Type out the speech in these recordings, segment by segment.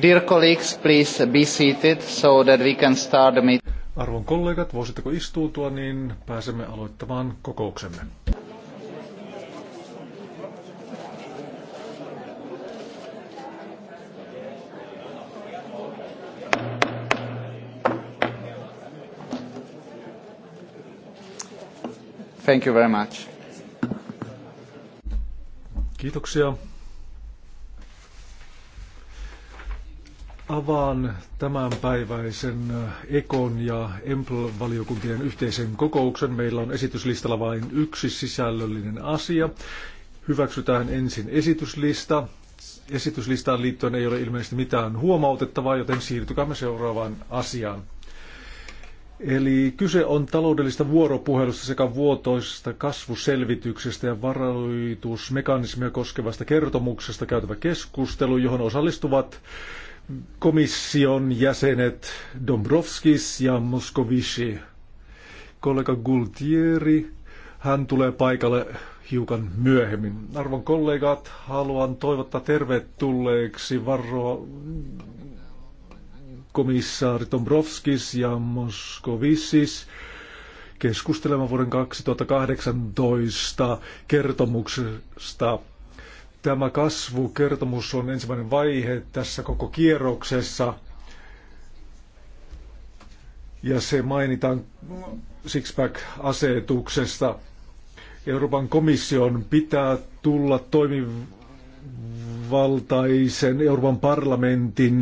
Dear colleagues, please be seated so that we can start the meeting. Arvon kollegat, voisitteko istuutua, niin pääsemme aloittamaan kokouksemme. Thank you very much. Kiitoksia. Avaan tämänpäiväisen Ekon ja Empl-valiokuntien yhteisen kokouksen. Meillä on esityslistalla vain yksi sisällöllinen asia. Hyväksytään ensin esityslista. Esityslistaan liittyen ei ole ilmeisesti mitään huomautettavaa, joten siirtykäämme seuraavaan asiaan. Eli kyse on taloudellista vuoropuhelusta sekä vuotoisesta kasvuselvityksestä ja varoitusmekanismia koskevasta kertomuksesta käytävä keskustelu, johon osallistuvat komission jäsenet Dombrovskis ja Moskovici. Kollega Gultieri, hän tulee paikalle hiukan myöhemmin. Arvon kollegat, haluan toivottaa tervetulleeksi varo komissaari Dombrovskis ja Moskovissis keskustelemaan vuoden 2018 kertomuksesta. Tämä kasvukertomus on ensimmäinen vaihe tässä koko kierroksessa ja se mainitaan Sixpack-asetuksesta. Euroopan komission pitää tulla toimivaltaisen Euroopan parlamentin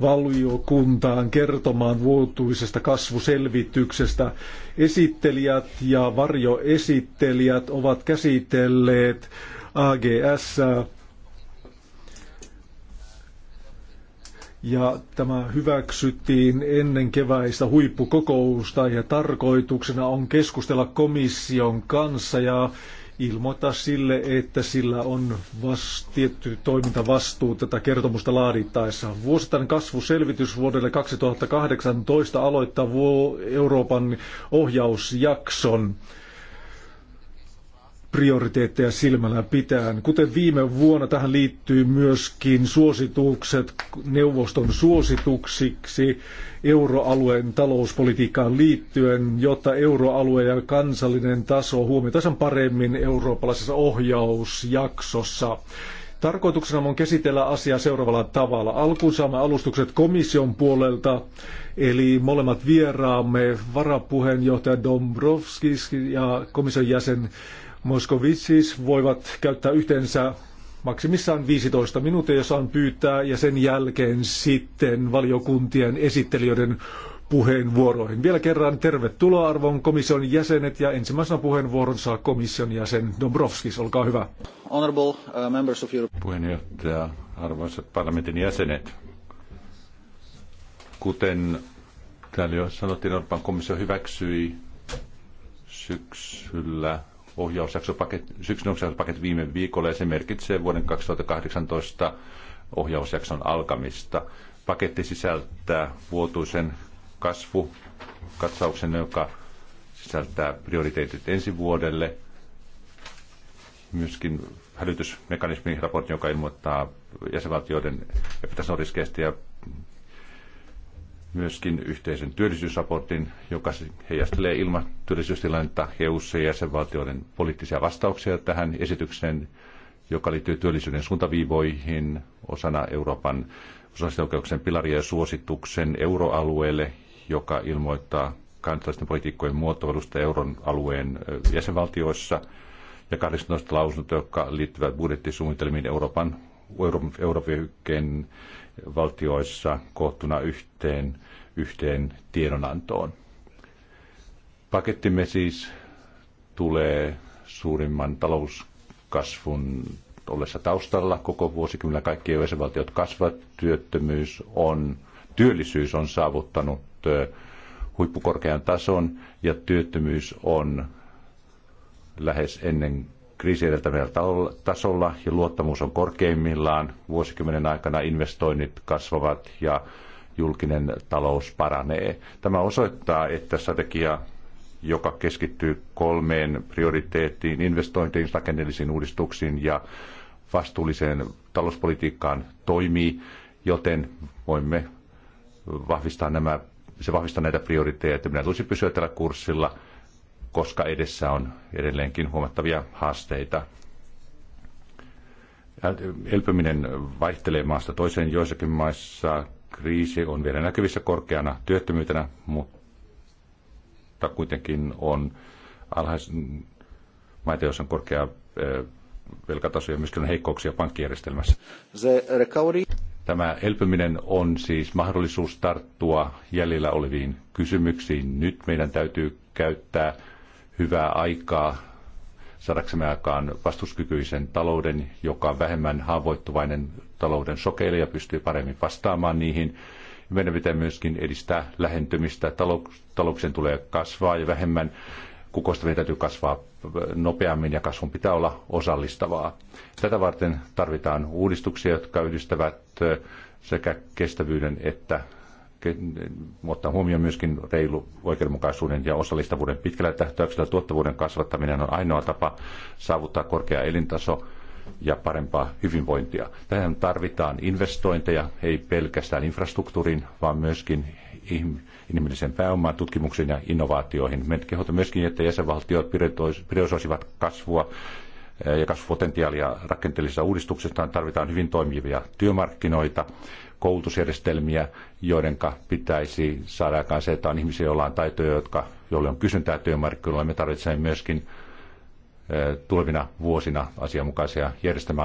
valiokuntaan kertomaan vuotuisesta kasvuselvityksestä. Esittelijät ja varjoesittelijät ovat käsitelleet AGS ja tämä hyväksyttiin ennen keväistä huippukokousta ja tarkoituksena on keskustella komission kanssa ja ilmoittaa sille, että sillä on vast, tietty toimintavastuu tätä kertomusta laadittaessa. Vuosittainen kasvuselvitys vuodelle 2018 aloittaa Euroopan ohjausjakson prioriteetteja silmällä pitäen. Kuten viime vuonna tähän liittyy myöskin suositukset neuvoston suosituksiksi euroalueen talouspolitiikkaan liittyen, jotta euroalue ja kansallinen taso huomioitaisiin paremmin eurooppalaisessa ohjausjaksossa. Tarkoituksena on käsitellä asiaa seuraavalla tavalla. Alkuun saamme alustukset komission puolelta, eli molemmat vieraamme, varapuheenjohtaja Dombrovskis ja komission jäsen Moskovitsis voivat käyttää yhteensä maksimissaan 15 minuuttia, jos on pyytää, ja sen jälkeen sitten valiokuntien esittelijöiden puheenvuoroihin. Vielä kerran tervetuloa arvon komission jäsenet ja ensimmäisenä puheenvuoron saa komission jäsen Dombrovskis, olkaa hyvä. Honorable uh, members of Europe. Puheenjohtaja, arvoisat parlamentin jäsenet. Kuten täällä jo sanottiin, Euroopan komissio hyväksyi syksyllä syksyn ohjausjaksopaketti viime viikolla ja se merkitsee vuoden 2018 ohjausjakson alkamista. Paketti sisältää vuotuisen kasvukatsauksen, joka sisältää prioriteetit ensi vuodelle, myöskin hälytysmekanismin raportin, joka ilmoittaa jäsenvaltioiden epätasoriskeistä ja myöskin yhteisen työllisyysraportin, joka heijastelee ilmatyöllisyystilannetta EU-ssa ja jäsenvaltioiden poliittisia vastauksia tähän esitykseen, joka liittyy työllisyyden suuntaviivoihin osana Euroopan sosiaalioikeuksien pilaria ja suosituksen euroalueelle, joka ilmoittaa kansallisten politiikkojen muotoilusta euron alueen jäsenvaltioissa, ja 18 lausuntoa, jotka liittyvät budjettisuunnitelmiin Euroopan Euroopan valtioissa koottuna yhteen, yhteen tiedonantoon. Pakettimme siis tulee suurimman talouskasvun ollessa taustalla koko vuosikymmenellä kaikki jäsenvaltiot kasvavat, työttömyys on, työllisyys on saavuttanut huippukorkean tason ja työttömyys on lähes ennen kriisi edeltävällä tasolla ja luottamus on korkeimmillaan. Vuosikymmenen aikana investoinnit kasvavat ja julkinen talous paranee. Tämä osoittaa, että strategia, joka keskittyy kolmeen prioriteettiin, investointeihin, rakenteellisiin uudistuksiin ja vastuulliseen talouspolitiikkaan toimii, joten voimme vahvistaa nämä, se vahvistaa näitä prioriteetteja. Minä tulisi pysyä tällä kurssilla – koska edessä on edelleenkin huomattavia haasteita. Elpyminen vaihtelee maasta toiseen. Joissakin maissa kriisi on vielä näkyvissä korkeana työttömyytenä, mutta kuitenkin on alhais, maita, joissa on korkea velkataso ja myöskin on heikkouksia pankkijärjestelmässä. Tämä elpyminen on siis mahdollisuus tarttua jäljellä oleviin kysymyksiin. Nyt meidän täytyy käyttää hyvää aikaa saadaksemme aikaan vastuskykyisen talouden, joka on vähemmän haavoittuvainen talouden sokeille ja pystyy paremmin vastaamaan niihin. Meidän pitää myöskin edistää lähentymistä. talouksen tulee kasvaa ja vähemmän kukoistaminen täytyy kasvaa nopeammin ja kasvun pitää olla osallistavaa. Tätä varten tarvitaan uudistuksia, jotka yhdistävät sekä kestävyyden että mutta huomioon myöskin reilu oikeudenmukaisuuden ja osallistavuuden pitkällä tähtäyksellä tuottavuuden kasvattaminen on ainoa tapa saavuttaa korkea elintaso ja parempaa hyvinvointia. Tähän tarvitaan investointeja, ei pelkästään infrastruktuuriin, vaan myöskin inhimillisen pääomaan, tutkimuksiin ja innovaatioihin. Me kehotamme myöskin, että jäsenvaltiot priorisoisivat kasvua ja kasvupotentiaalia rakenteellisissa uudistuksissa. Tarvitaan hyvin toimivia työmarkkinoita, koulutusjärjestelmiä, joiden pitäisi saada aikaan se, että on ihmisiä, joilla on taitoja, jotka, joille on kysyntää työmarkkinoilla. Me tarvitsemme myöskin tulevina vuosina asianmukaisia järjestelmää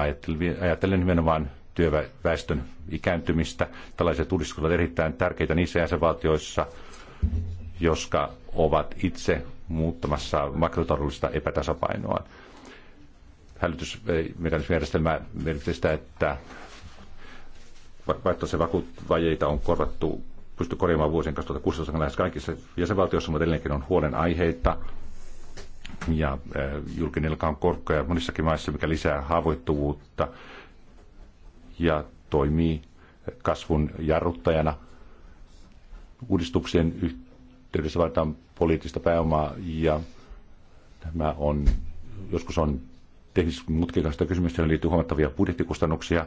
ajattelen nimenomaan työväestön ikääntymistä. Tällaiset uudistukset ovat erittäin tärkeitä niissä jäsenvaltioissa, jotka ovat itse muuttamassa makrotaloudellista epätasapainoa hälytysmekanismijärjestelmä merkitsee sitä, että vaikka se vakuutvajeita on korvattu, pysty korjaamaan vuosien 2016 lähes kaikissa jäsenvaltioissa, mutta edelleenkin on huolenaiheita ja eh, julkinen velka on korkoja monissakin maissa, mikä lisää haavoittuvuutta ja toimii kasvun jarruttajana. Uudistuksien yhteydessä vaaditaan poliittista pääomaa ja tämä on, joskus on teknisesti mutkikasta kysymystä, johon liittyy huomattavia budjettikustannuksia.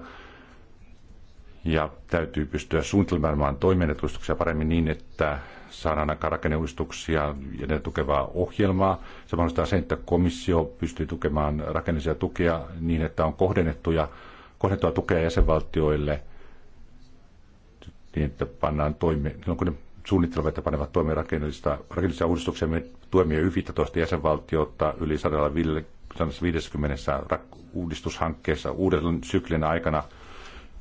Ja täytyy pystyä suunnittelemaan toimeenetuistuksia paremmin niin, että saadaan aikaan rakenneuudistuksia ja ne tukevaa ohjelmaa. Se mahdollistaa sen, että komissio pystyy tukemaan rakenneisia tukia niin, että on kohdennettuja, kohdennettua tukea jäsenvaltioille niin, että pannaan toimi, silloin kun ne suunnittelevat, että panevat toimeen rakenteellisia uudistuksia. Me tuemme 11 jäsenvaltiota yli 150 150 uudistushankkeessa uuden syklin aikana.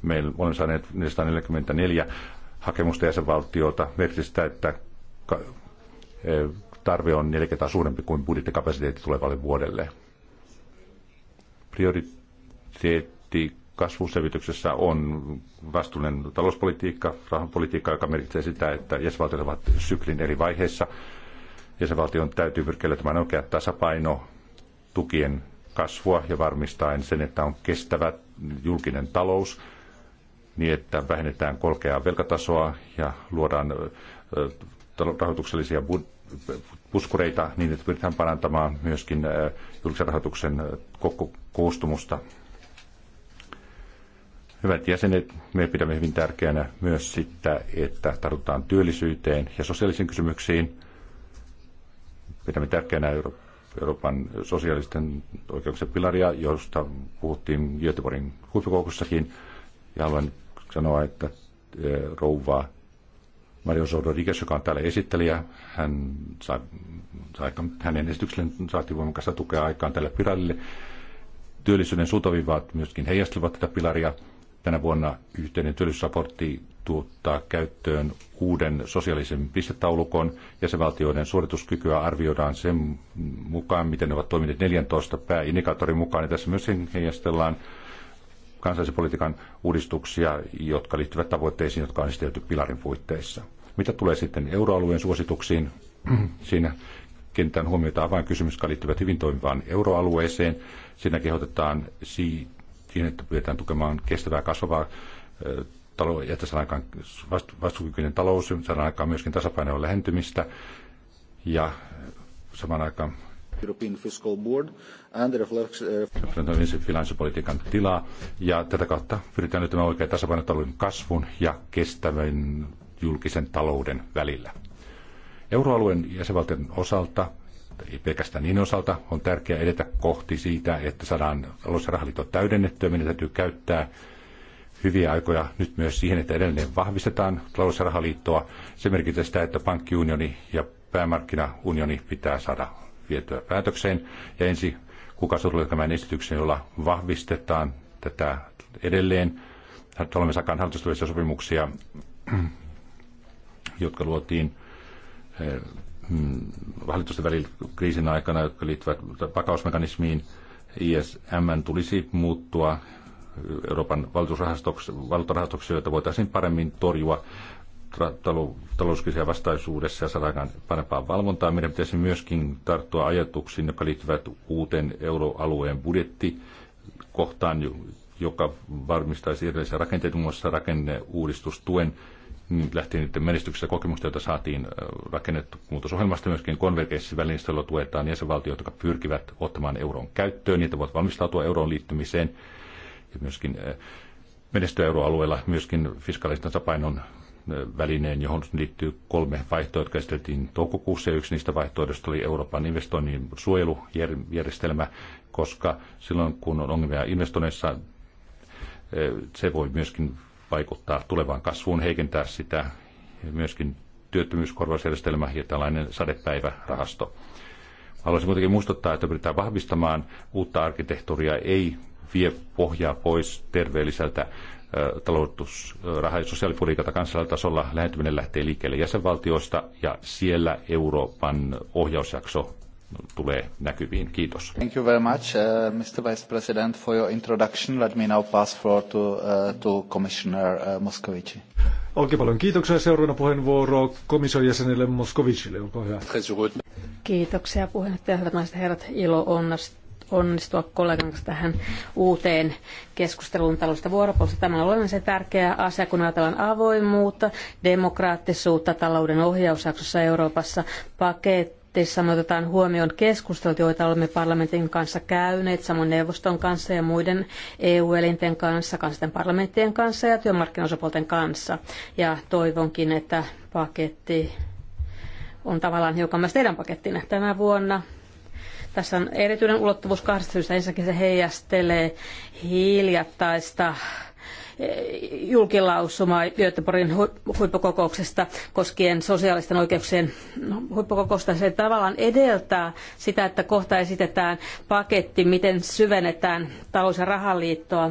Meillä olemme saaneet 444 hakemusta jäsenvaltiota. Merkitsee sitä, että eh, tarve on neljä kertaa suurempi kuin budjettikapasiteetti tulevalle vuodelle. Prioriteetti kasvuselvityksessä on vastuullinen talouspolitiikka, rahapolitiikka, joka merkitsee sitä, että jäsenvaltiot ovat syklin eri vaiheissa. Jäsenvaltion täytyy pyrkiä löytämään oikea tasapaino tukien kasvua ja varmistaen sen, että on kestävä julkinen talous, niin että vähennetään kolkeaa velkatasoa ja luodaan rahoituksellisia puskureita niin, että pyritään parantamaan myöskin julkisen rahoituksen koko koostumusta. Hyvät jäsenet, me pidämme hyvin tärkeänä myös sitä, että tartutaan työllisyyteen ja sosiaalisiin kysymyksiin. Pidämme tärkeänä Euroopan Euroopan sosiaalisten oikeuksien pilaria, josta puhuttiin Göteborgin huippukoukossakin. Ja haluan sanoa, että e, rouva Mario Rodriguez, joka on täällä esittelijä, hän sai, sai, hänen esitykselleen saatiin voimakasta tukea aikaan tälle pilarille. Työllisyyden suuntaviivat myöskin heijastelivat tätä pilaria. Tänä vuonna yhteinen työllisyysraportti tuottaa käyttöön uuden sosiaalisen pistetaulukon. Jäsenvaltioiden suorituskykyä arvioidaan sen mukaan, miten ne ovat toimineet 14 pääindikaattorin mukaan. Ja tässä myös heijastellaan kansallisen politiikan uudistuksia, jotka liittyvät tavoitteisiin, jotka on esitelty pilarin puitteissa. Mitä tulee sitten euroalueen suosituksiin, siinä kiinnitän huomiota avainkysymys, jotka liittyvät hyvin toimivaan euroalueeseen. Siinä kehotetaan siitä, siihen, että pyritään tukemaan kestävää kasvavaa taloutta, että saadaan aikaan vastuukykyinen talous, saadaan aikaan myöskin tasapainoa lähentymistä ja saman aikaan European Fiscal Board and reflects, finanssipolitiikan tilaa ja tätä kautta pyritään löytämään oikea tasapaino kasvun ja kestävän julkisen talouden välillä. Euroalueen jäsenvaltion osalta pelkästään niin osalta on tärkeää edetä kohti siitä, että saadaan talous- ja täydennettyä. Meidän täytyy käyttää hyviä aikoja nyt myös siihen, että edelleen vahvistetaan talous- ja rahaliittoa. Se merkitsee sitä, että pankkiunioni ja päämarkkinaunioni pitää saada vietyä päätökseen. Ja ensi kuka tulee tämän esityksen, jolla vahvistetaan tätä edelleen. Olemme sakaan hallitustullisia sopimuksia, jotka luotiin eh, Mm, hallitusten välillä kriisin aikana, jotka liittyvät vakausmekanismiin, ISM tulisi muuttua Euroopan valtuusrahastoksi, joita voitaisiin paremmin torjua talouskriisiä vastaisuudessa ja saada aikaan parempaa valvontaa. Meidän pitäisi myöskin tarttua ajatuksiin, jotka liittyvät uuteen euroalueen budjettikohtaan, kohtaan, joka varmistaisi erilaisia rakenteita, muun muassa rakenneuudistustuen lähtien niiden menestyksestä kokemusta, jota saatiin rakennettu muutosohjelmasta myöskin konvergenssivälineistä, jolla tuetaan jäsenvaltioita, jotka pyrkivät ottamaan euron käyttöön, niitä voivat valmistautua euroon liittymiseen ja myöskin menestyä euroalueella myöskin fiskaalisen tasapainon välineen, johon liittyy kolme vaihtoa, jotka esiteltiin toukokuussa, ja yksi niistä vaihtoehdoista oli Euroopan investoinnin suojelujärjestelmä, koska silloin kun on ongelmia investoinneissa, se voi myöskin vaikuttaa tulevaan kasvuun, heikentää sitä myöskin työttömyyskorvausjärjestelmä ja tällainen sadepäivärahasto. Haluaisin kuitenkin muistuttaa, että pyritään vahvistamaan uutta arkkitehtuuria, ei vie pohjaa pois terveelliseltä taloutus-, raha- ja sosiaalipolitiikalta kansallisella tasolla lähentyminen lähtee liikkeelle jäsenvaltioista ja siellä Euroopan ohjausjakso tulee näkyviin. Kiitos. Thank you very much, uh, Mr. Vice President, for your introduction. Let me now pass floor to, uh, to Commissioner uh, Moscovici. Oikein paljon kiitoksia. Seuraavana puheenvuoro komission jäsenelle Moskovicille. Olkaa hyvä. Kiitoksia puheenjohtaja. Hyvät naiset herrat, ilo onnistua kollegan kanssa tähän uuteen keskusteluun taloudesta vuoropuolesta. Tämä on olennaisen tärkeä asia, kun ajatellaan avoimuutta, demokraattisuutta talouden ohjausjaksossa Euroopassa, paketti on otetaan huomioon keskustelut, joita olemme parlamentin kanssa käyneet, samoin neuvoston kanssa ja muiden EU-elinten kanssa, kansallisten parlamenttien kanssa ja työmarkkinaosapuolten kanssa. Ja toivonkin, että paketti on tavallaan hiukan myös teidän pakettinne tänä vuonna. Tässä on erityinen ulottuvuus kahdesta syystä. Ensinnäkin se heijastelee hiljattaista julkilausumaa Göteborgin huippukokouksesta koskien sosiaalisten oikeuksien no, huippukokousta. Se tavallaan edeltää sitä, että kohta esitetään paketti, miten syvennetään talous- ja rahaliittoa.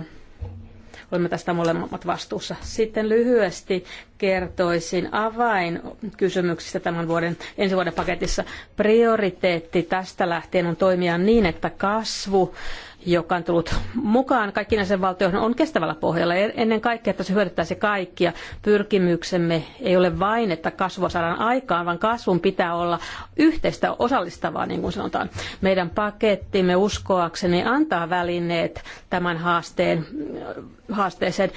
Olemme tästä molemmat vastuussa. Sitten lyhyesti kertoisin avainkysymyksistä tämän vuoden, ensi vuoden paketissa. Prioriteetti tästä lähtien on toimia niin, että kasvu joka on tullut mukaan kaikkiin näiden valtioihin, on kestävällä pohjalla. E- ennen kaikkea, että se hyödyttäisi kaikkia. Pyrkimyksemme ei ole vain, että kasvua saadaan aikaan, vaan kasvun pitää olla yhteistä osallistavaa, niin kuin sanotaan. Meidän pakettimme uskoakseni antaa välineet tämän haasteen haasteeseen.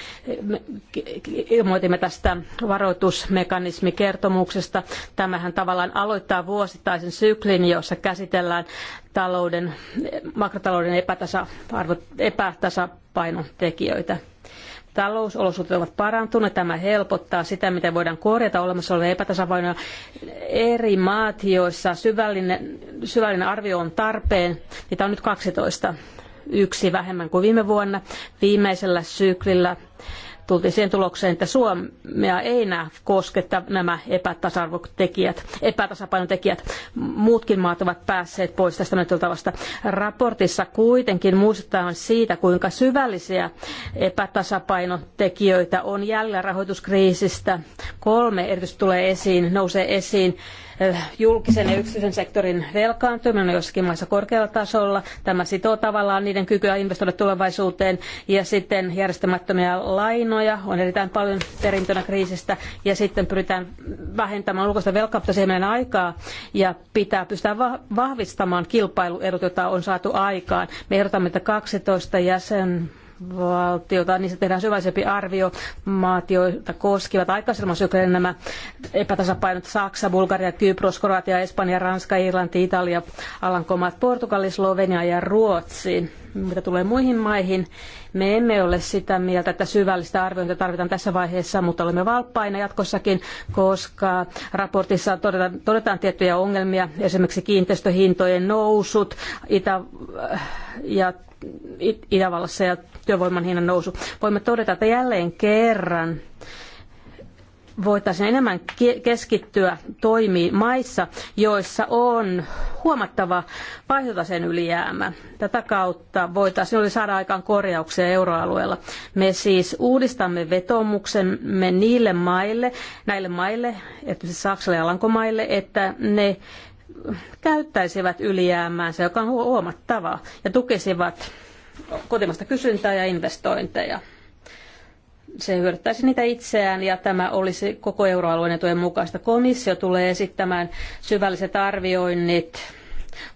Ilmoitimme tästä varoitusmekanismikertomuksesta. Tämähän tavallaan aloittaa vuosittaisen syklin, jossa käsitellään talouden, makrotalouden epätasa epätasapainotekijöitä. Talousolosuhteet ovat parantuneet. Tämä helpottaa sitä, miten voidaan korjata olemassa olevia epätasapainoja. Eri maat, joissa syvällinen, syvällinen arvio on tarpeen, niitä on nyt 12 yksi vähemmän kuin viime vuonna. Viimeisellä syklillä tultiin siihen tulokseen, että Suomea ei enää kosketa nämä epätasapainotekijät. Muutkin maat ovat päässeet pois tästä menettelytavasta. Raportissa kuitenkin muistetaan siitä, kuinka syvällisiä epätasapainotekijöitä on jäljellä rahoituskriisistä. Kolme erityisesti tulee esiin, nousee esiin Eh, julkisen ja yksityisen sektorin velkaantuminen on jossakin maissa korkealla tasolla. Tämä sitoo tavallaan niiden kykyä investoida tulevaisuuteen ja sitten järjestämättömiä lainoja on erittäin paljon perintönä kriisistä ja sitten pyritään vähentämään ulkoista velkaa, mutta siihen aikaa ja pitää pystyä vahvistamaan kilpailuedut, joita on saatu aikaan. Me ehdotamme, että 12 jäsen valtiota, niistä tehdään syvällisempi arvio. Maat, joita koskivat aikaisemmin syklinen nämä epätasapainot, Saksa, Bulgaria, Kypros, Kroatia, Espanja, Ranska, Irlanti, Italia, Alankomaat, Portugali, Slovenia ja Ruotsi. Mitä tulee muihin maihin, me emme ole sitä mieltä, että syvällistä arviointia tarvitaan tässä vaiheessa, mutta olemme valppaina jatkossakin, koska raportissa todetaan, todetaan tiettyjä ongelmia, esimerkiksi kiinteistöhintojen nousut itä- ja Itävallassa ja työvoiman hinnan nousu. Voimme todeta, että jälleen kerran voitaisiin enemmän keskittyä toimii maissa, joissa on huomattava vaihtotaseen ylijäämä. Tätä kautta voitaisiin oli saada aikaan korjauksia euroalueella. Me siis uudistamme vetomuksemme niille maille, näille maille, erityisesti Saksalle ja Lankomaille, että ne käyttäisivät ylijäämäänsä, joka on huomattavaa, ja tukisivat kotimasta kysyntää ja investointeja. Se hyödyttäisi niitä itseään ja tämä olisi koko euroalueen etujen mukaista. Komissio tulee esittämään syvälliset arvioinnit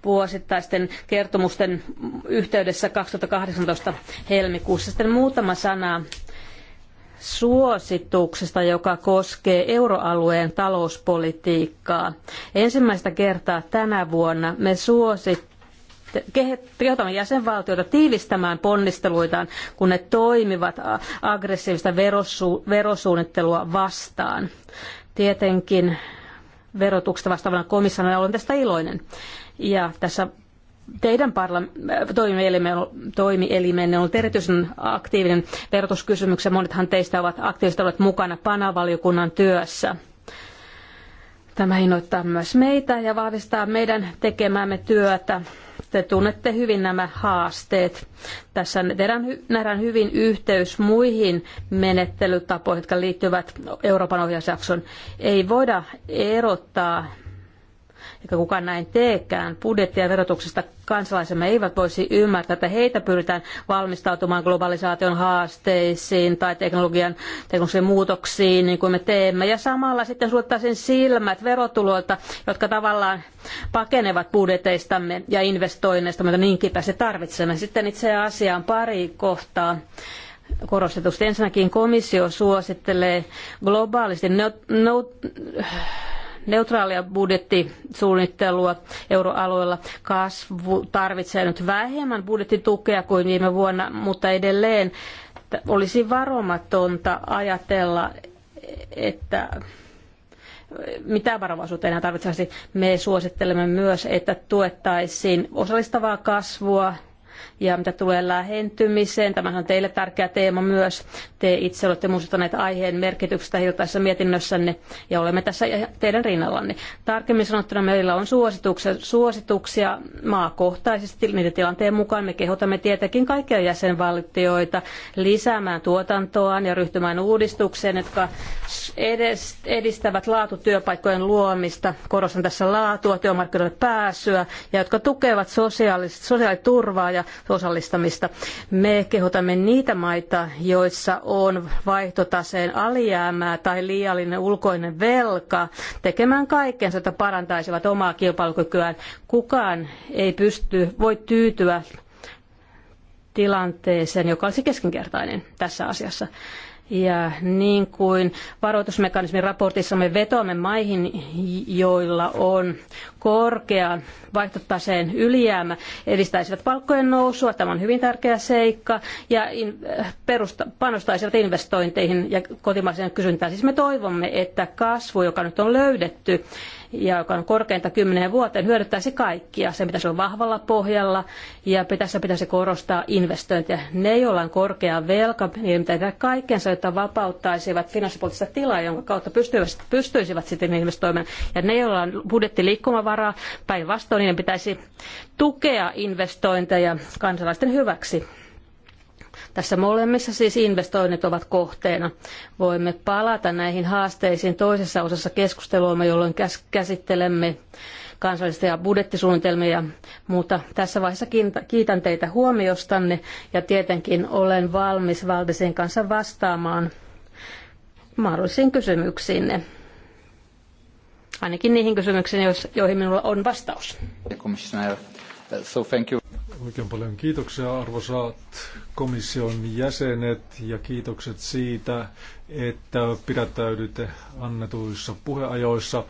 vuosittaisten kertomusten yhteydessä 2018 helmikuussa. Sitten muutama sana suosituksesta, joka koskee euroalueen talouspolitiikkaa. Ensimmäistä kertaa tänä vuonna me suosit kehotamme jäsenvaltioita tiivistämään ponnisteluitaan, kun ne toimivat aggressiivista verosu- verosuunnittelua vastaan. Tietenkin verotuksesta vastaavana komissaarina olen tästä iloinen. Ja tässä teidän parla- toimielimenne on ollut erityisen aktiivinen verotuskysymyksessä. Monethan teistä ovat aktiivisesti olleet mukana panavaliokunnan työssä. Tämä innoittaa myös meitä ja vahvistaa meidän tekemämme työtä. Te tunnette hyvin nämä haasteet. Tässä nähdään hyvin yhteys muihin menettelytapoihin, jotka liittyvät Euroopan ohjausjakson. Ei voida erottaa eikä kukaan näin teekään. Budjetti- ja verotuksesta kansalaisemme eivät voisi ymmärtää, että heitä pyritään valmistautumaan globalisaation haasteisiin tai teknologian, teknologian muutoksiin, niin kuin me teemme. Ja samalla sitten suljettaisiin silmät verotuloilta, jotka tavallaan pakenevat budjeteistamme ja investoinneista, joita niin kipeästi tarvitsemme. Sitten itse asiaan pari kohtaa korostetusti. Ensinnäkin komissio suosittelee globaalisti neutraalia budjettisuunnittelua euroalueella. Kasvu tarvitsee nyt vähemmän budjettitukea kuin viime vuonna, mutta edelleen olisi varomatonta ajatella, että mitä varovaisuutta enää tarvitsisi. Me suosittelemme myös, että tuettaisiin osallistavaa kasvua ja mitä tulee lähentymiseen, tämähän on teille tärkeä teema myös. Te itse olette muistuttaneet aiheen merkityksestä iltaisessa mietinnössänne ja olemme tässä teidän rinnallanne. Tarkemmin sanottuna meillä on suosituksia, suosituksia maakohtaisesti niiden tilanteen mukaan. Me kehotamme tietenkin kaikkia jäsenvaltioita lisäämään tuotantoaan ja ryhtymään uudistukseen, jotka edistävät laatutyöpaikkojen luomista. Korostan tässä laatua, työmarkkinoille pääsyä ja jotka tukevat sosiaaliturvaa ja osallistamista. Me kehotamme niitä maita, joissa on vaihtotaseen alijäämää tai liiallinen ulkoinen velka, tekemään kaikkensa, että parantaisivat omaa kilpailukykyään. Kukaan ei pysty, voi tyytyä tilanteeseen, joka olisi keskinkertainen tässä asiassa. Ja niin kuin varoitusmekanismin raportissamme vetoamme maihin, joilla on korkea vaihtotaseen ylijäämä, edistäisivät palkkojen nousua, tämä on hyvin tärkeä seikka, ja perusta, panostaisivat investointeihin ja kotimaiseen kysyntään. Siis me toivomme, että kasvu, joka nyt on löydetty, ja joka on korkeinta kymmenen vuoteen, hyödyttäisi kaikkia. Se pitäisi olla vahvalla pohjalla ja tässä pitäisi korostaa investointeja Ne, joilla on korkea velka, niiden pitää tehdä kaikkensa, jotta vapauttaisivat finanssipoliittista tilaa, jonka kautta pystyisivät, pystyisivät sitten investoimaan. Ja ne, joilla on budjettiliikkumavaraa, päinvastoin niiden pitäisi tukea investointeja kansalaisten hyväksi tässä molemmissa siis investoinnit ovat kohteena. Voimme palata näihin haasteisiin toisessa osassa keskusteluamme, jolloin käsittelemme kansallisia budjettisuunnitelmia mutta Tässä vaiheessa kiitän teitä huomiostanne ja tietenkin olen valmis Valdesin kanssa vastaamaan mahdollisiin kysymyksiinne. Ainakin niihin kysymyksiin, joihin minulla on vastaus. Oikein paljon kiitoksia arvoisat komission jäsenet ja kiitokset siitä, että pidättäydytte annetuissa puheajoissa.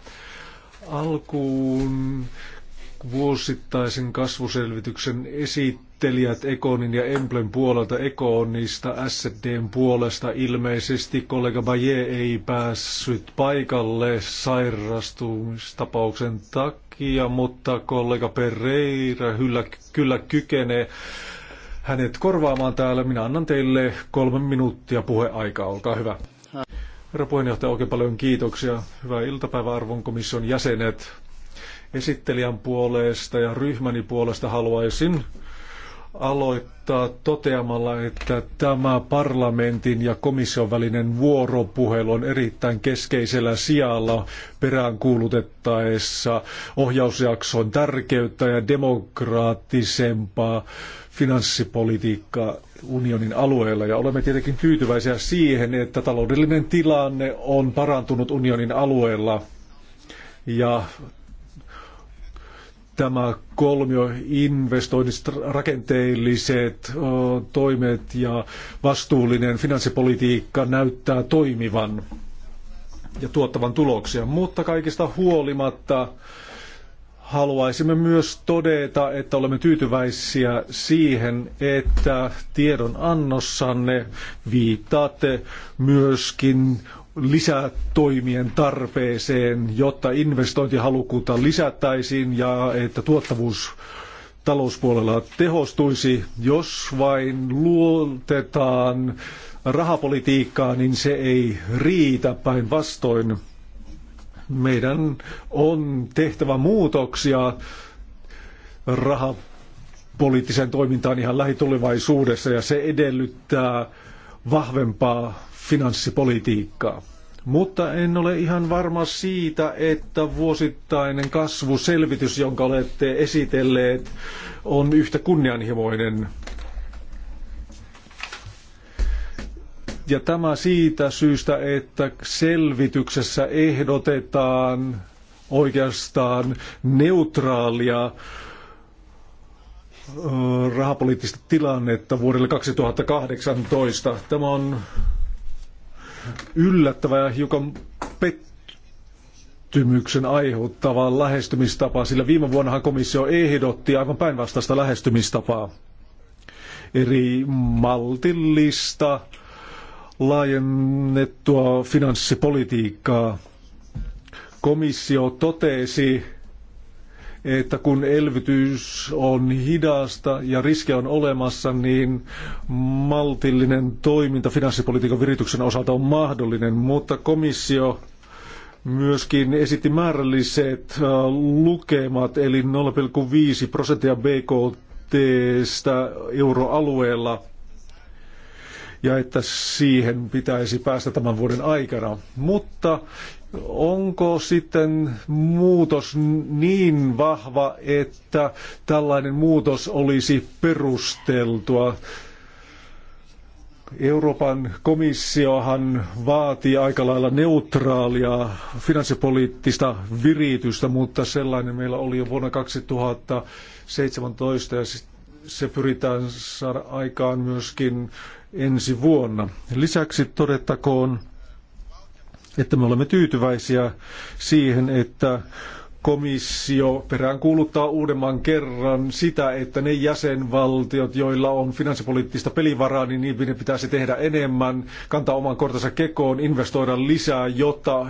Alkuun vuosittaisen kasvuselvityksen esittelijät Ekonin ja Emblen puolelta Ekonista SDn puolesta ilmeisesti kollega Baye ei päässyt paikalle sairastumistapauksen takia takia, mutta kollega Pereira kyllä, kyllä kykenee hänet korvaamaan täällä. Minä annan teille kolme minuuttia puheaikaa. Olkaa hyvä. Herra puheenjohtaja, oikein paljon kiitoksia. Hyvää iltapäivää arvon komission jäsenet. Esittelijän puolesta ja ryhmäni puolesta haluaisin aloittaa toteamalla, että tämä parlamentin ja komission välinen vuoropuhelu on erittäin keskeisellä sijalla peräänkuulutettaessa ohjausjakson tärkeyttä ja demokraattisempaa finanssipolitiikkaa unionin alueella. Ja olemme tietenkin tyytyväisiä siihen, että taloudellinen tilanne on parantunut unionin alueella ja tämä kolmio investoinnit, rakenteelliset toimet ja vastuullinen finanssipolitiikka näyttää toimivan ja tuottavan tuloksia. Mutta kaikista huolimatta haluaisimme myös todeta, että olemme tyytyväisiä siihen, että tiedon annossanne viittaatte myöskin lisätoimien tarpeeseen, jotta investointihalukkuutta lisättäisiin ja että tuottavuus talouspuolella tehostuisi. Jos vain luotetaan rahapolitiikkaa, niin se ei riitä päinvastoin. Meidän on tehtävä muutoksia rahapoliittiseen toimintaan ihan lähitulevaisuudessa ja se edellyttää vahvempaa finanssipolitiikkaa. Mutta en ole ihan varma siitä, että vuosittainen kasvuselvitys, jonka olette esitelleet, on yhtä kunnianhimoinen. Ja tämä siitä syystä, että selvityksessä ehdotetaan oikeastaan neutraalia rahapoliittista tilannetta vuodelle 2018. Tämä on yllättävä ja hiukan pettymyksen aiheuttava lähestymistapa, sillä viime vuonnahan komissio ehdotti aivan päinvastaista lähestymistapaa. Eri maltillista laajennettua finanssipolitiikkaa. Komissio totesi, että kun elvytys on hidasta ja riskejä on olemassa, niin maltillinen toiminta finanssipolitiikan virityksen osalta on mahdollinen, mutta komissio myöskin esitti määrälliset äh, lukemat, eli 0,5 prosenttia BKTstä euroalueella, ja että siihen pitäisi päästä tämän vuoden aikana. Mutta onko sitten muutos niin vahva, että tällainen muutos olisi perusteltua? Euroopan komissiohan vaatii aika lailla neutraalia finanssipoliittista viritystä, mutta sellainen meillä oli jo vuonna 2017 ja se pyritään saada aikaan myöskin ensi vuonna. Lisäksi todettakoon, että me olemme tyytyväisiä siihen, että komissio peräänkuuluttaa uudemman kerran sitä, että ne jäsenvaltiot, joilla on finanssipoliittista pelivaraa, niin niiden pitäisi tehdä enemmän, kantaa oman kortensa kekoon, investoida lisää, jotta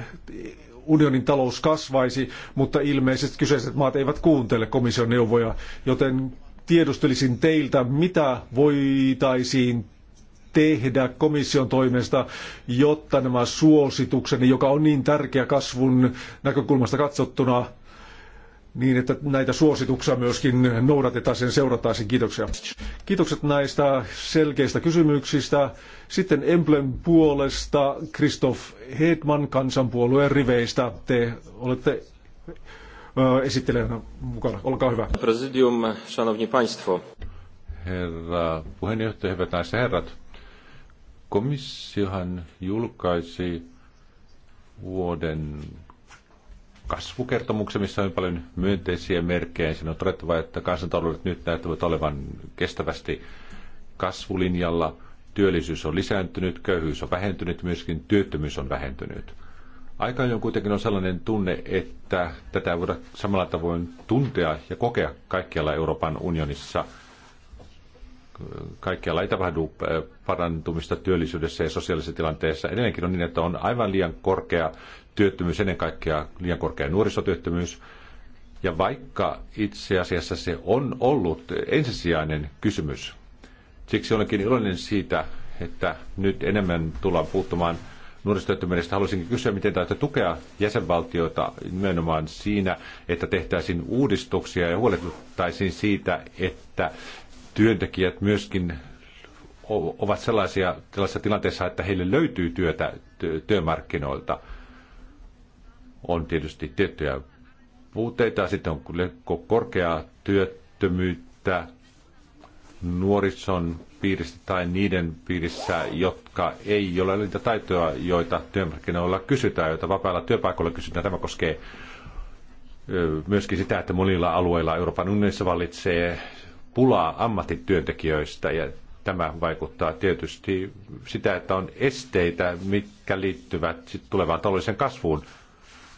unionin talous kasvaisi, mutta ilmeisesti kyseiset maat eivät kuuntele komission neuvoja, joten tiedustelisin teiltä, mitä voitaisiin tehdä komission toimesta, jotta nämä suositukseni, joka on niin tärkeä kasvun näkökulmasta katsottuna, niin että näitä suosituksia myöskin noudatetaan ja seurataan. Kiitoksia. Kiitokset näistä selkeistä kysymyksistä. Sitten Emblem puolesta Kristoff Hedman kansanpuolueen riveistä. Te olette esittelijänä mukana. Olkaa hyvä. Presidium, szanowni Herra puheenjohtaja, hyvät naiset ja herrat. Komissiohan julkaisi vuoden kasvukertomuksen, missä on paljon myönteisiä merkkejä. Siinä on todettava, että kansantaloudet nyt näyttävät olevan kestävästi kasvulinjalla. Työllisyys on lisääntynyt, köyhyys on vähentynyt, myöskin työttömyys on vähentynyt. Aika on kuitenkin on sellainen tunne, että tätä voidaan voida samalla tavoin tuntea ja kokea kaikkialla Euroopan unionissa – kaikkialla ei tapahdu eh, parantumista työllisyydessä ja sosiaalisessa tilanteessa. Edelleenkin on niin, että on aivan liian korkea työttömyys, ennen kaikkea liian korkea nuorisotyöttömyys. Ja vaikka itse asiassa se on ollut ensisijainen kysymys, siksi olenkin iloinen siitä, että nyt enemmän tullaan puuttumaan nuorisotyöttömyydestä. Haluaisinkin kysyä, miten täytyy tukea jäsenvaltioita nimenomaan siinä, että tehtäisiin uudistuksia ja huolehdittaisiin siitä, että työntekijät myöskin ovat sellaisia tällaisessa tilanteessa, että heille löytyy työtä työmarkkinoilta. On tietysti tiettyjä puutteita, sitten on korkeaa työttömyyttä nuorison piirissä tai niiden piirissä, jotka ei ole niitä taitoja, joita työmarkkinoilla kysytään, joita vapailla työpaikoilla kysytään. Tämä koskee myöskin sitä, että monilla alueilla Euroopan unionissa vallitsee pulaa ammattityöntekijöistä ja tämä vaikuttaa tietysti sitä, että on esteitä, mitkä liittyvät tulevaan taloudelliseen kasvuun.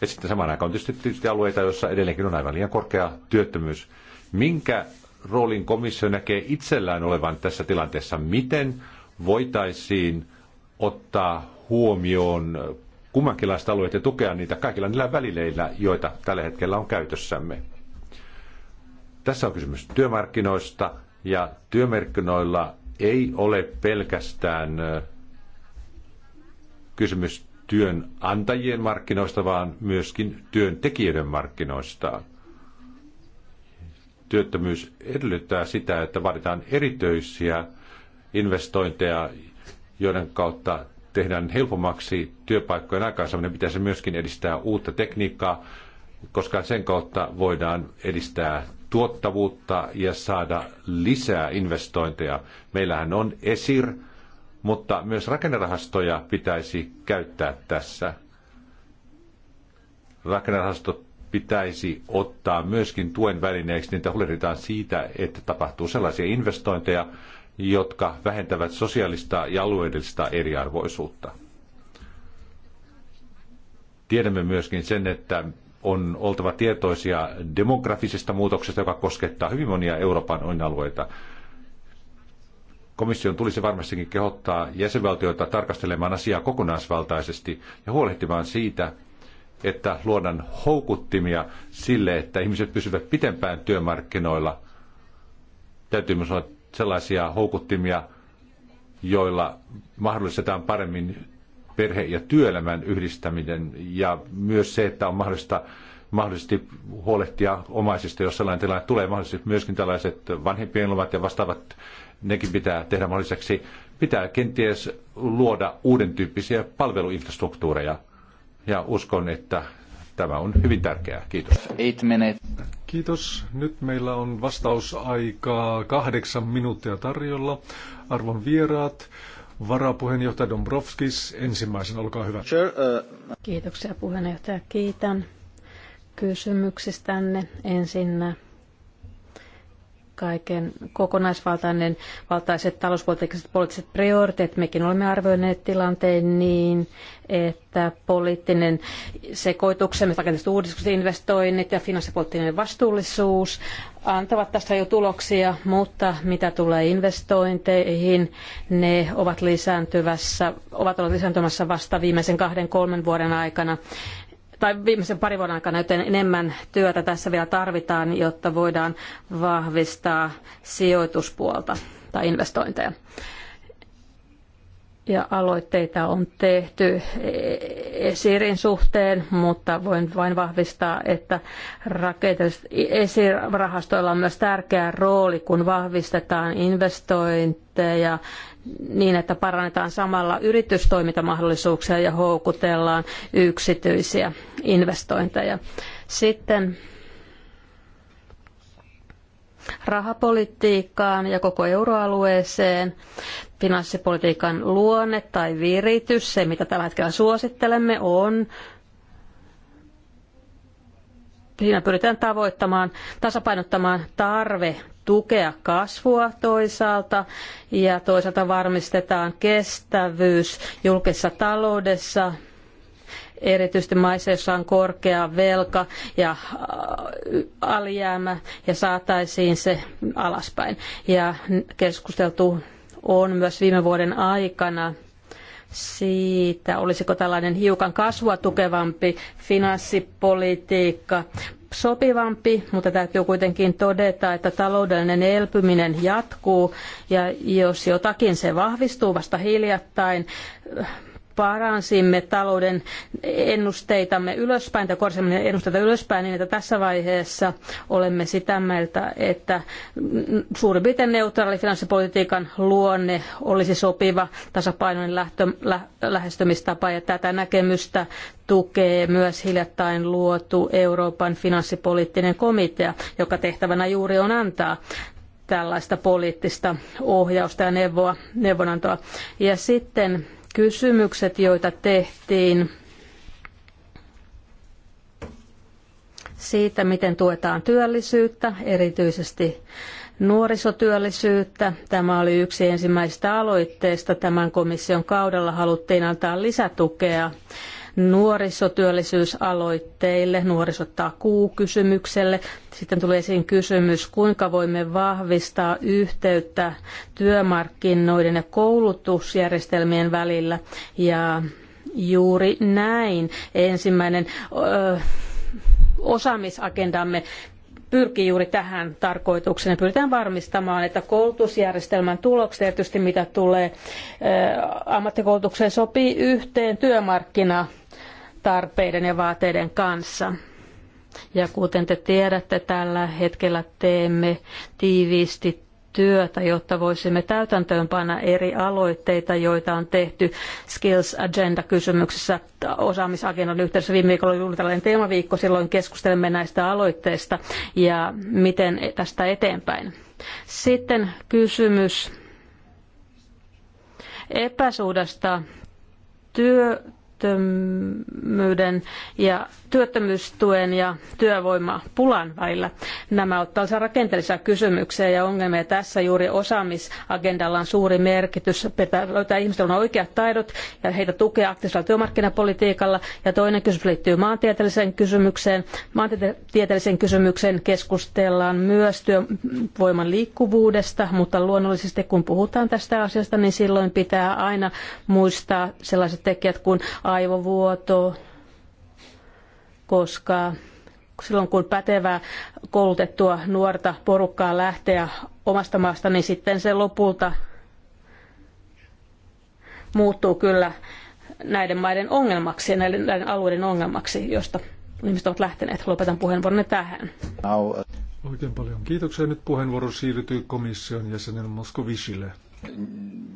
Ja sitten samaan aikaan on tietysti, tietysti alueita, joissa edelleenkin on aivan liian korkea työttömyys. Minkä roolin komissio näkee itsellään olevan tässä tilanteessa? Miten voitaisiin ottaa huomioon kummankinlaista alueita ja tukea niitä kaikilla niillä välileillä, joita tällä hetkellä on käytössämme? Tässä on kysymys työmarkkinoista ja työmarkkinoilla ei ole pelkästään kysymys työnantajien markkinoista, vaan myöskin työntekijöiden markkinoista. Työttömyys edellyttää sitä, että vaaditaan erityisiä investointeja, joiden kautta tehdään helpommaksi työpaikkojen aikaisemmin. Pitäisi myöskin edistää uutta tekniikkaa, koska sen kautta voidaan edistää tuottavuutta ja saada lisää investointeja. Meillähän on ESIR, mutta myös rakennerahastoja pitäisi käyttää tässä. Rakennerahastot pitäisi ottaa myöskin tuen välineeksi, niin että huolehditaan siitä, että tapahtuu sellaisia investointeja, jotka vähentävät sosiaalista ja alueellista eriarvoisuutta. Tiedämme myöskin sen, että on oltava tietoisia demografisesta muutoksesta, joka koskettaa hyvin monia Euroopan alueita. Komission tulisi varmastikin kehottaa jäsenvaltioita tarkastelemaan asiaa kokonaisvaltaisesti ja huolehtimaan siitä, että luodaan houkuttimia sille, että ihmiset pysyvät pitempään työmarkkinoilla. Täytyy myös olla sellaisia houkuttimia, joilla mahdollistetaan paremmin perhe- ja työelämän yhdistäminen ja myös se, että on mahdollista mahdollisesti huolehtia omaisista, jos sellainen tilanne tulee. Mahdollisesti myöskin tällaiset vanhempien lomat ja vastaavat, nekin pitää tehdä mahdolliseksi. Pitää kenties luoda uuden tyyppisiä palveluinfrastruktuureja. Ja uskon, että tämä on hyvin tärkeää. Kiitos. Eight minutes. Kiitos. Nyt meillä on vastausaikaa kahdeksan minuuttia tarjolla. Arvon vieraat, Varapuheenjohtaja Dombrovskis, ensimmäisen, olkaa hyvä. Uh, Kiitoksia puheenjohtaja, kiitän kysymyksistänne. Ensinnä kaiken kokonaisvaltainen valtaiset talouspoliittiset poliittiset prioriteetit. Mekin olemme arvioineet tilanteen niin, että poliittinen sekoituksemme, rakenteelliset uudistukset, investoinnit ja finanssipoliittinen vastuullisuus antavat tästä jo tuloksia, mutta mitä tulee investointeihin, ne ovat lisääntyvässä, ovat olleet lisääntymässä vasta viimeisen kahden, kolmen vuoden aikana tai viimeisen parin vuoden aikana, joten enemmän työtä tässä vielä tarvitaan, jotta voidaan vahvistaa sijoituspuolta tai investointeja ja aloitteita on tehty esirin suhteen, mutta voin vain vahvistaa, että esirahastoilla on myös tärkeä rooli, kun vahvistetaan investointeja niin, että parannetaan samalla yritystoimintamahdollisuuksia ja houkutellaan yksityisiä investointeja. Sitten rahapolitiikkaan ja koko euroalueeseen, finanssipolitiikan luonne tai viritys, se mitä tällä hetkellä suosittelemme, on siinä pyritään tavoittamaan, tasapainottamaan tarve tukea kasvua toisaalta ja toisaalta varmistetaan kestävyys julkisessa taloudessa erityisesti maissa, joissa on korkea velka ja äh, alijäämä, ja saataisiin se alaspäin. Ja keskusteltu on myös viime vuoden aikana siitä, olisiko tällainen hiukan kasvua tukevampi finanssipolitiikka sopivampi, mutta täytyy kuitenkin todeta, että taloudellinen elpyminen jatkuu ja jos jotakin se vahvistuu vasta hiljattain paransimme talouden ennusteitamme ylöspäin tai korsimme ennusteita ylöspäin, niin että tässä vaiheessa olemme sitä mieltä, että suurin piirtein neutraali finanssipolitiikan luonne olisi sopiva tasapainoinen lähtö, lä, lähestymistapa ja tätä näkemystä tukee myös hiljattain luotu Euroopan finanssipoliittinen komitea, joka tehtävänä juuri on antaa tällaista poliittista ohjausta ja neuvoa, neuvonantoa. Ja sitten kysymykset, joita tehtiin siitä, miten tuetaan työllisyyttä, erityisesti nuorisotyöllisyyttä. Tämä oli yksi ensimmäisistä aloitteista tämän komission kaudella. Haluttiin antaa lisätukea nuorisotyöllisyysaloitteille, nuorisotakuukysymykselle. Sitten tuli esiin kysymys, kuinka voimme vahvistaa yhteyttä työmarkkinoiden ja koulutusjärjestelmien välillä. Ja juuri näin ensimmäinen ö, osaamisagendamme pyrkii juuri tähän tarkoitukseen. Pyritään varmistamaan, että koulutusjärjestelmän tulokset, tietysti mitä tulee ammattikoulutukseen, sopii yhteen työmarkkina tarpeiden ja vaateiden kanssa. Ja kuten te tiedätte, tällä hetkellä teemme tiiviisti työtä, jotta voisimme täytäntöönpanna eri aloitteita, joita on tehty Skills Agenda-kysymyksessä osaamisagendan yhteydessä. Viime viikolla oli tällainen teemaviikko, silloin keskustelemme näistä aloitteista ja miten tästä eteenpäin. Sitten kysymys epäsuudasta työ, työttömyyden ja työttömyystuen ja työvoimapulan välillä. Nämä ovat tällaisia rakenteellisia kysymyksiä ja ongelmia. Tässä juuri osaamisagendalla on suuri merkitys. Pitää löytää ihmisten on oikeat taidot ja heitä tukea aktiivisella työmarkkinapolitiikalla. Ja toinen kysymys liittyy maantieteelliseen kysymykseen. kysymyksen kysymykseen keskustellaan myös työvoiman liikkuvuudesta, mutta luonnollisesti kun puhutaan tästä asiasta, niin silloin pitää aina muistaa sellaiset tekijät kuin aivovuoto, koska silloin kun pätevää koulutettua nuorta porukkaa lähtee omasta maasta, niin sitten se lopulta muuttuu kyllä näiden maiden ongelmaksi ja näiden, näiden alueiden ongelmaksi, josta ihmiset ovat lähteneet. Lopetan puheenvuoronne tähän. Oikein paljon kiitoksia. Nyt puheenvuoro siirtyy komission jäsenen Moskovisille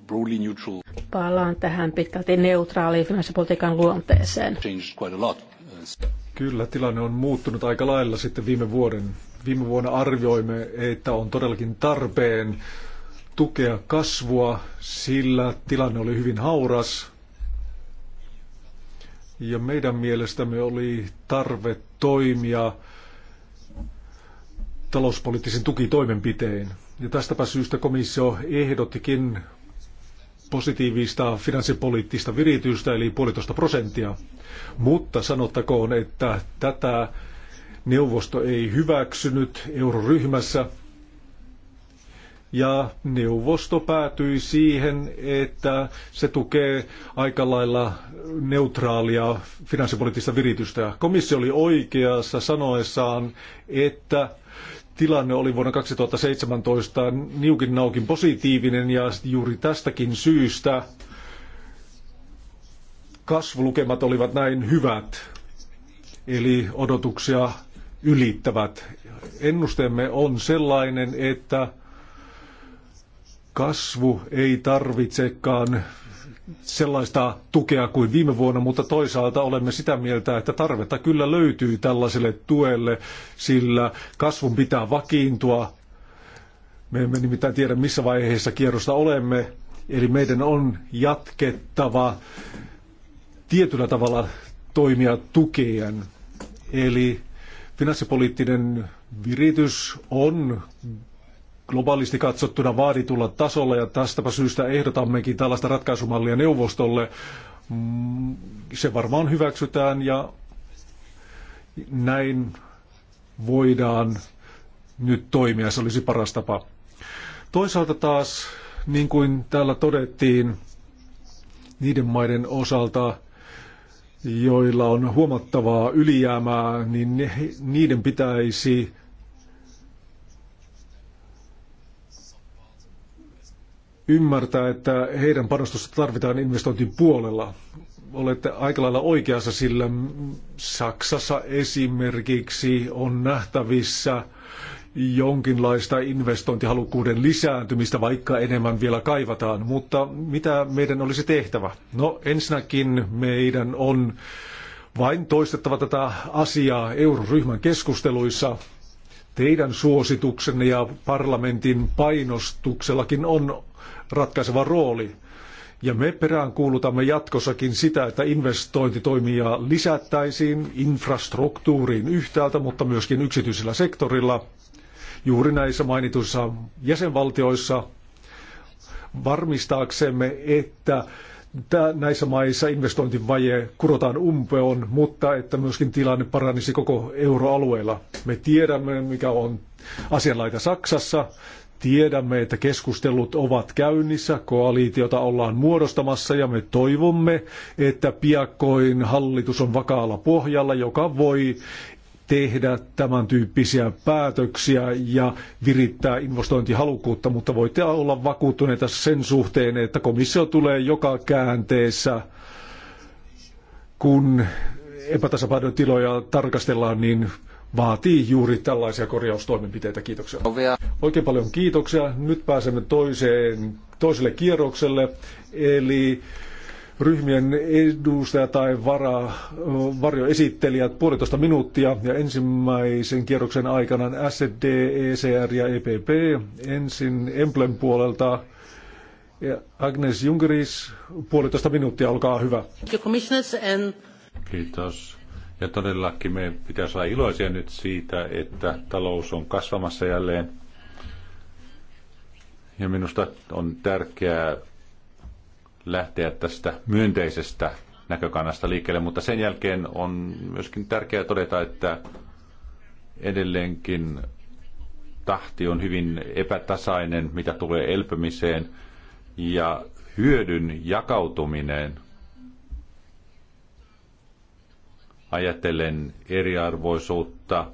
broadly neutral. Palaan tähän pitkälti neutraaliin finanssipolitiikan luonteeseen. Uh, Kyllä, tilanne on muuttunut aika lailla sitten viime vuoden. Viime vuonna arvioimme, että on todellakin tarpeen tukea kasvua, sillä tilanne oli hyvin hauras. Ja meidän mielestämme oli tarve toimia talouspoliittisin tukitoimenpitein. Ja tästäpä syystä komissio ehdottikin positiivista finanssipoliittista viritystä, eli puolitoista prosenttia. Mutta sanottakoon, että tätä neuvosto ei hyväksynyt euroryhmässä. Ja neuvosto päätyi siihen, että se tukee aika lailla neutraalia finanssipoliittista viritystä. Komissio oli oikeassa sanoessaan, että tilanne oli vuonna 2017 niukin naukin positiivinen ja juuri tästäkin syystä kasvulukemat olivat näin hyvät, eli odotuksia ylittävät. Ennusteemme on sellainen, että kasvu ei tarvitsekaan sellaista tukea kuin viime vuonna, mutta toisaalta olemme sitä mieltä, että tarvetta kyllä löytyy tällaiselle tuelle, sillä kasvun pitää vakiintua. Me emme nimittäin tiedä, missä vaiheessa kierrosta olemme, eli meidän on jatkettava tietyllä tavalla toimia tukien. Eli finanssipoliittinen viritys on globaalisti katsottuna vaaditulla tasolla ja tästäpä syystä ehdotammekin tällaista ratkaisumallia neuvostolle. Mm, se varmaan hyväksytään ja näin voidaan nyt toimia, se olisi paras tapa. Toisaalta taas, niin kuin täällä todettiin, niiden maiden osalta, joilla on huomattavaa ylijäämää, niin niiden pitäisi ymmärtää, että heidän panostusta tarvitaan investointin puolella. Olette aika lailla oikeassa, sillä Saksassa esimerkiksi on nähtävissä jonkinlaista investointihalukkuuden lisääntymistä, vaikka enemmän vielä kaivataan. Mutta mitä meidän olisi tehtävä? No ensinnäkin meidän on vain toistettava tätä asiaa euroryhmän keskusteluissa. Teidän suosituksenne ja parlamentin painostuksellakin on ratkaiseva rooli. Ja me peräänkuulutamme jatkossakin sitä, että investointitoimia lisättäisiin infrastruktuuriin yhtäältä, mutta myöskin yksityisellä sektorilla, juuri näissä mainituissa jäsenvaltioissa, varmistaaksemme, että näissä maissa investointivaje kurotaan umpeon, mutta että myöskin tilanne paranisi koko euroalueella. Me tiedämme, mikä on asianlaita Saksassa. Tiedämme, että keskustelut ovat käynnissä, koalitiota ollaan muodostamassa ja me toivomme, että piakkoin hallitus on vakaalla pohjalla, joka voi tehdä tämän tyyppisiä päätöksiä ja virittää investointihalukkuutta, mutta voitte olla vakuuttuneita sen suhteen, että komissio tulee joka käänteessä, kun epätasapainotiloja tarkastellaan, niin vaatii juuri tällaisia korjaustoimenpiteitä. Kiitoksia. Oikein paljon kiitoksia. Nyt pääsemme toiseen, toiselle kierrokselle, eli ryhmien edustaja tai vara, varjoesittelijät puolitoista minuuttia ja ensimmäisen kierroksen aikana SD, ECR ja EPP. Ensin Emplen puolelta Agnes Junkeris, puolitoista minuuttia, olkaa hyvä. Kiitos. Ja todellakin me pitäisi olla iloisia nyt siitä, että talous on kasvamassa jälleen. Ja minusta on tärkeää lähteä tästä myönteisestä näkökannasta liikkeelle, mutta sen jälkeen on myöskin tärkeää todeta, että edelleenkin tahti on hyvin epätasainen, mitä tulee elpymiseen ja hyödyn jakautuminen – ajatellen eriarvoisuutta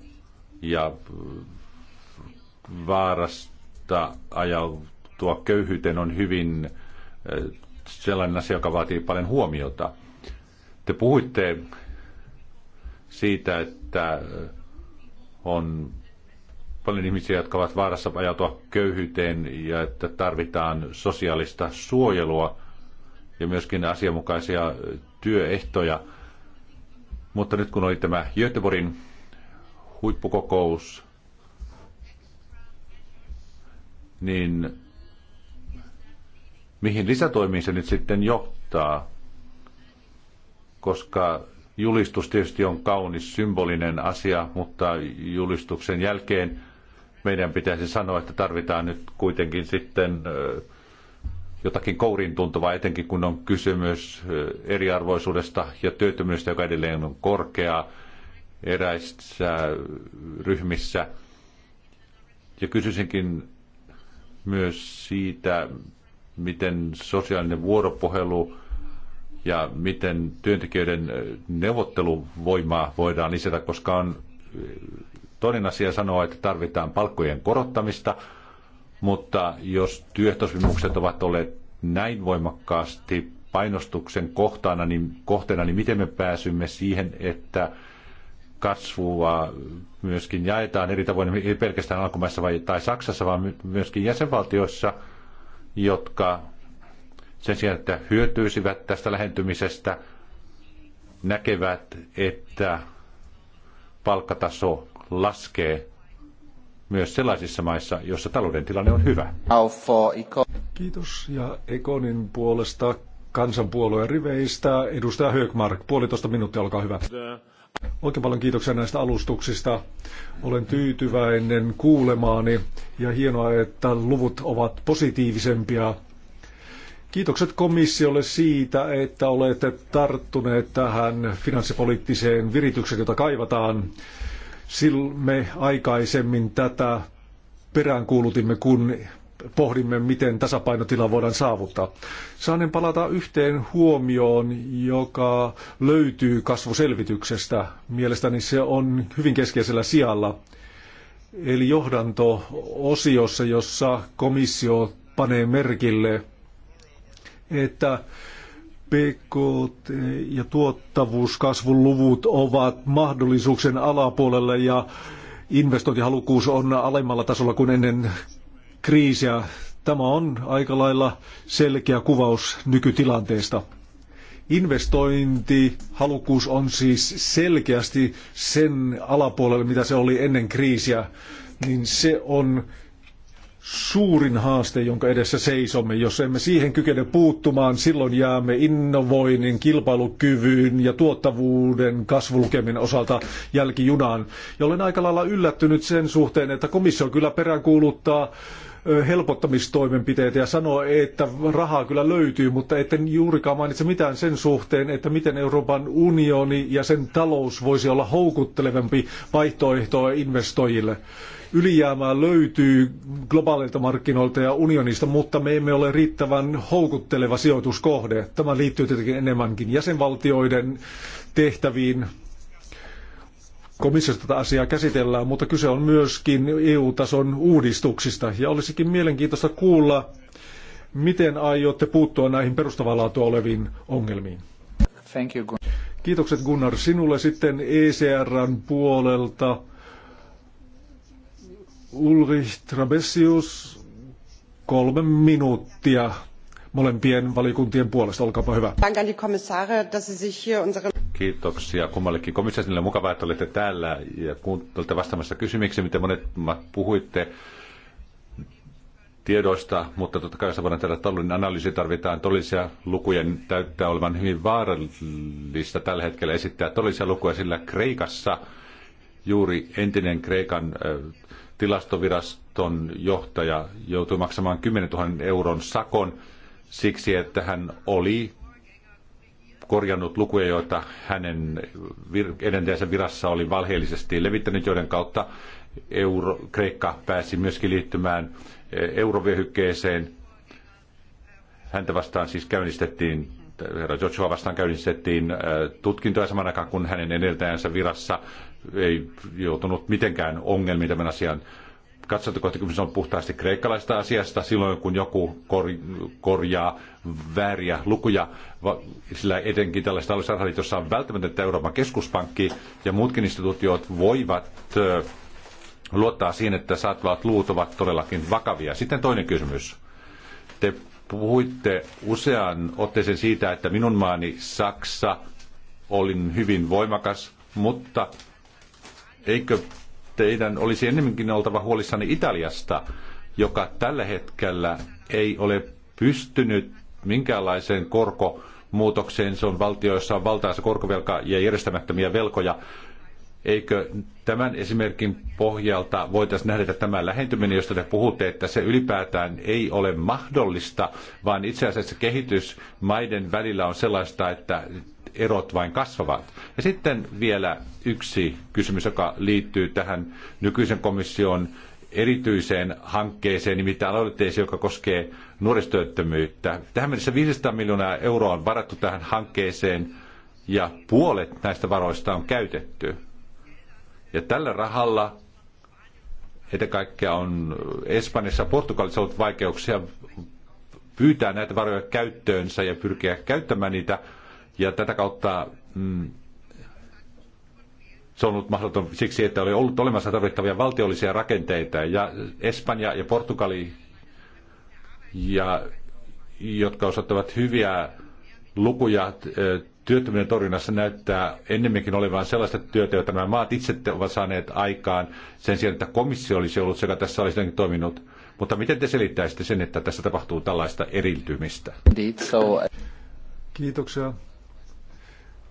ja vaarasta ajautua köyhyyteen on hyvin äh, sellainen asia, joka vaatii paljon huomiota. Te puhuitte siitä, että on paljon ihmisiä, jotka ovat vaarassa ajautua köyhyyteen ja että tarvitaan sosiaalista suojelua ja myöskin asianmukaisia työehtoja. Mutta nyt kun oli tämä Göteborgin huippukokous, niin mihin lisätoimiin se nyt sitten johtaa? Koska julistus tietysti on kaunis symbolinen asia, mutta julistuksen jälkeen meidän pitäisi sanoa, että tarvitaan nyt kuitenkin sitten jotakin kourin tuntuvaa, etenkin kun on kysymys eriarvoisuudesta ja työttömyydestä, joka edelleen on korkea eräissä ryhmissä. Ja kysyisinkin myös siitä, miten sosiaalinen vuoropuhelu ja miten työntekijöiden neuvotteluvoimaa voidaan lisätä, koska on toinen asia sanoa, että tarvitaan palkkojen korottamista – mutta jos työehtosopimukset ovat olleet näin voimakkaasti painostuksen kohtaana, niin, kohteena, niin miten me pääsymme siihen, että kasvua myöskin jaetaan eri tavoin, niin ei pelkästään alkumaissa vai, tai Saksassa, vaan myöskin jäsenvaltioissa, jotka sen sijaan, että hyötyisivät tästä lähentymisestä, näkevät, että palkkataso laskee myös sellaisissa maissa, joissa talouden tilanne on hyvä. Kiitos ja Ekonin puolesta kansanpuolueen riveistä. Edustaja Höökmark, puolitoista minuuttia, olkaa hyvä. Oikein paljon kiitoksia näistä alustuksista. Olen tyytyväinen kuulemaani ja hienoa, että luvut ovat positiivisempia. Kiitokset komissiolle siitä, että olette tarttuneet tähän finanssipoliittiseen viritykseen, jota kaivataan. Sillä me aikaisemmin tätä peräänkuulutimme, kun pohdimme, miten tasapainotila voidaan saavuttaa. Saanen palata yhteen huomioon, joka löytyy kasvuselvityksestä. Mielestäni se on hyvin keskeisellä sijalla. Eli johdanto-osiossa, jossa komissio panee merkille, että PKT ja tuottavuuskasvun luvut ovat mahdollisuuksien alapuolella ja investointihalukkuus on alemmalla tasolla kuin ennen kriisiä. Tämä on aika lailla selkeä kuvaus nykytilanteesta. Investointihalukkuus on siis selkeästi sen alapuolella, mitä se oli ennen kriisiä, niin se on suurin haaste, jonka edessä seisomme. Jos emme siihen kykene puuttumaan, silloin jäämme innovoinnin, kilpailukyvyn ja tuottavuuden kasvulukemin osalta jälkijunaan. Ja olen aika lailla yllättynyt sen suhteen, että komissio kyllä peräänkuuluttaa helpottamistoimenpiteitä ja sanoo, että rahaa kyllä löytyy, mutta etten juurikaan mainitse mitään sen suhteen, että miten Euroopan unioni ja sen talous voisi olla houkuttelevampi vaihtoehto investoijille. Ylijäämää löytyy globaaleilta markkinoilta ja unionista, mutta me emme ole riittävän houkutteleva sijoituskohde. Tämä liittyy tietenkin enemmänkin jäsenvaltioiden tehtäviin. Komissiossa tätä asiaa käsitellään, mutta kyse on myöskin EU-tason uudistuksista. Ja olisikin mielenkiintoista kuulla, miten aiotte puuttua näihin perustavanlaatua oleviin ongelmiin. Thank you. Gunnar. Kiitokset Gunnar sinulle sitten ECRn puolelta. Ulrich Trabesius, kolme minuuttia molempien valiokuntien puolesta. Olkaapa hyvä. Kiitoksia kummallekin komissaarille. Mukavaa, että olette täällä ja olette vastaamassa kysymyksiin, mitä monet puhuitte tiedoista, mutta totta kai se voidaan tehdä taloudellinen analyysi, tarvitaan todellisia lukuja. Niin täyttää olevan hyvin vaarallista tällä hetkellä esittää todellisia lukuja, sillä Kreikassa juuri entinen Kreikan tilastoviraston johtaja joutui maksamaan 10 000 euron sakon siksi, että hän oli korjannut lukuja, joita hänen edentäjänsä virassa oli valheellisesti levittänyt, joiden kautta Euro, Kreikka pääsi myöskin liittymään eh, eurovyöhykkeeseen. Häntä vastaan siis käynnistettiin, herra Joshua vastaan käynnistettiin eh, tutkintoja saman aikaan, kun hänen edeltäjänsä virassa ei joutunut mitenkään ongelmiin tämän asian katsantokohta, kun on puhtaasti kreikkalaista asiasta, silloin kun joku kor, korjaa vääriä lukuja, sillä etenkin tällaista aluesairaalit, jossa on välttämättä Euroopan keskuspankki ja muutkin instituutiot voivat luottaa siihen, että saatavat luut ovat todellakin vakavia. Sitten toinen kysymys. Te puhuitte usean otteeseen siitä, että minun maani Saksa olin hyvin voimakas, mutta Eikö teidän olisi ennemminkin oltava huolissani Italiasta, joka tällä hetkellä ei ole pystynyt minkäänlaiseen korkomuutokseen. Se on valtio, jossa on valtaansa korkovelka ja järjestämättömiä velkoja. Eikö tämän esimerkin pohjalta voitaisiin nähdä, että tämä lähentyminen, josta te puhutte, että se ylipäätään ei ole mahdollista, vaan itse asiassa kehitys maiden välillä on sellaista, että erot vain kasvavat. Ja sitten vielä yksi kysymys, joka liittyy tähän nykyisen komission erityiseen hankkeeseen, nimittäin aloitteeseen, joka koskee nuorisotyöttömyyttä. Tähän mennessä 500 miljoonaa euroa on varattu tähän hankkeeseen ja puolet näistä varoista on käytetty. Ja tällä rahalla ennen kaikkea on Espanjassa ja Portugalissa ollut vaikeuksia pyytää näitä varoja käyttöönsä ja pyrkiä käyttämään niitä ja tätä kautta mm, se on ollut mahdoton siksi, että oli ollut olemassa tarvittavia valtiollisia rakenteita. Ja Espanja ja Portugali, ja, jotka osoittavat hyviä lukuja työttömyyden torjunnassa näyttää ennemminkin olevan sellaista työtä, jota nämä maat itse ovat saaneet aikaan sen sijaan, että komissio olisi ollut sekä tässä olisi toiminut. Mutta miten te selittäisitte sen, että tässä tapahtuu tällaista eriltymistä? Kiitoksia.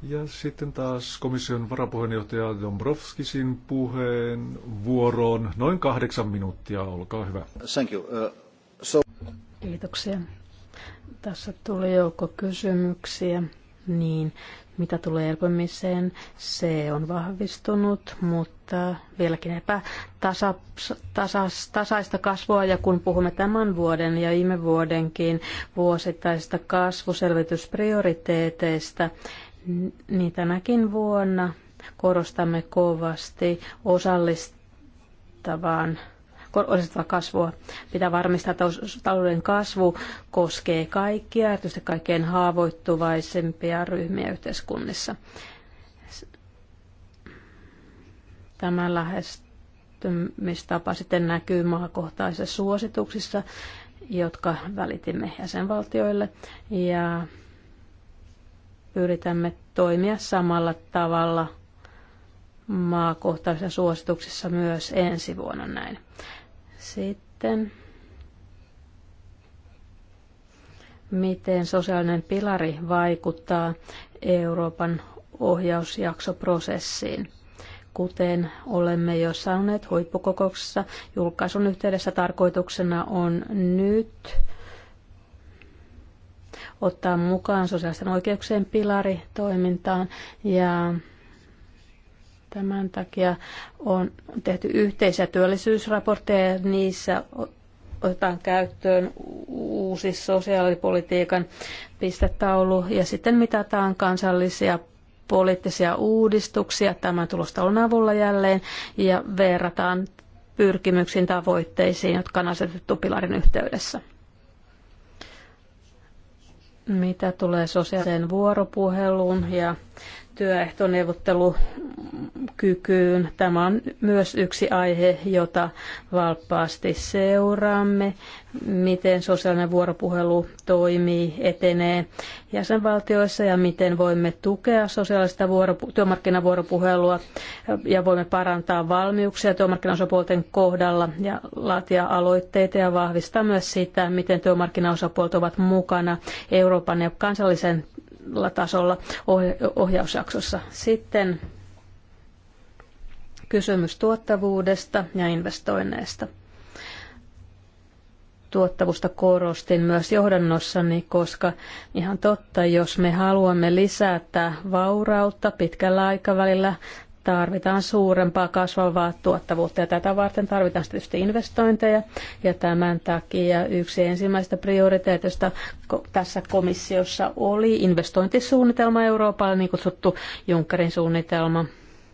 Ja sitten taas komission varapuheenjohtaja Dombrovskisin puheen vuoroon noin kahdeksan minuuttia. Olkaa hyvä. Thank you. Uh, so... Kiitoksia. Tässä tuli joukko kysymyksiä. Niin, mitä tulee elpymiseen, se on vahvistunut, mutta vieläkin epätasaista tasaista kasvua. Ja kun puhumme tämän vuoden ja viime vuodenkin vuosittaisista kasvuselvitysprioriteeteista, niin tänäkin vuonna korostamme kovasti osallistavaan osallistavaa kasvua. Pitää varmistaa, että talouden kasvu koskee kaikkia, erityisesti kaikkein haavoittuvaisempia ryhmiä yhteiskunnissa. Tämä lähestymistapa sitten näkyy maakohtaisissa suosituksissa, jotka välitimme jäsenvaltioille. Ja yritämme toimia samalla tavalla maakohtaisissa suosituksissa myös ensi vuonna näin. Sitten miten sosiaalinen pilari vaikuttaa Euroopan ohjausjaksoprosessiin. Kuten olemme jo sanoneet huippukokouksessa, julkaisun yhteydessä tarkoituksena on nyt ottaa mukaan sosiaalisten oikeuksien pilari toimintaan ja Tämän takia on tehty yhteisiä työllisyysraportteja ja niissä otetaan käyttöön uusi sosiaalipolitiikan pistetaulu ja sitten mitataan kansallisia poliittisia uudistuksia tämän tulostaulun avulla jälleen ja verrataan pyrkimyksiin tavoitteisiin, jotka on asetettu pilarin yhteydessä. Mitä tulee sosiaaliseen vuoropuheluun ja työehtoneuvottelukykyyn. Tämä on myös yksi aihe, jota valppaasti seuraamme, miten sosiaalinen vuoropuhelu toimii, etenee jäsenvaltioissa ja miten voimme tukea sosiaalista vuoropu- työmarkkinavuoropuhelua ja voimme parantaa valmiuksia työmarkkinaosapuolten kohdalla ja laatia aloitteita ja vahvistaa myös sitä, miten työmarkkinaosapuolet ovat mukana Euroopan ja kansallisen yleisellä tasolla ohjausjaksossa. Sitten kysymys tuottavuudesta ja investoinneista. tuottavuusta korostin myös johdannossani, koska ihan totta, jos me haluamme lisätä vaurautta pitkällä aikavälillä, tarvitaan suurempaa kasvavaa tuottavuutta ja tätä varten tarvitaan tietysti investointeja ja tämän takia yksi ensimmäistä prioriteetista tässä komissiossa oli investointisuunnitelma Euroopalle, niin kutsuttu Junckerin suunnitelma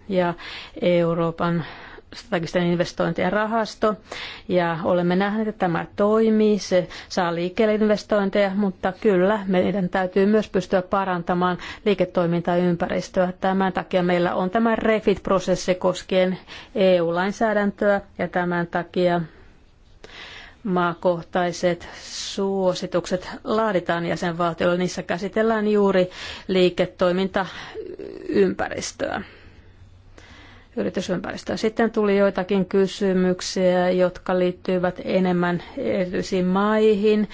ja Euroopan strategisten investointien rahasto ja olemme nähneet, että tämä toimii, se saa liikkeelle investointeja, mutta kyllä meidän täytyy myös pystyä parantamaan liiketoimintaympäristöä. Tämän takia meillä on tämä REFIT-prosessi koskien EU-lainsäädäntöä ja tämän takia maakohtaiset suositukset laaditaan jäsenvaltioille. Niissä käsitellään juuri liiketoimintaympäristöä yritysympäristöä. Sitten tuli joitakin kysymyksiä, jotka liittyivät enemmän erityisiin maihin.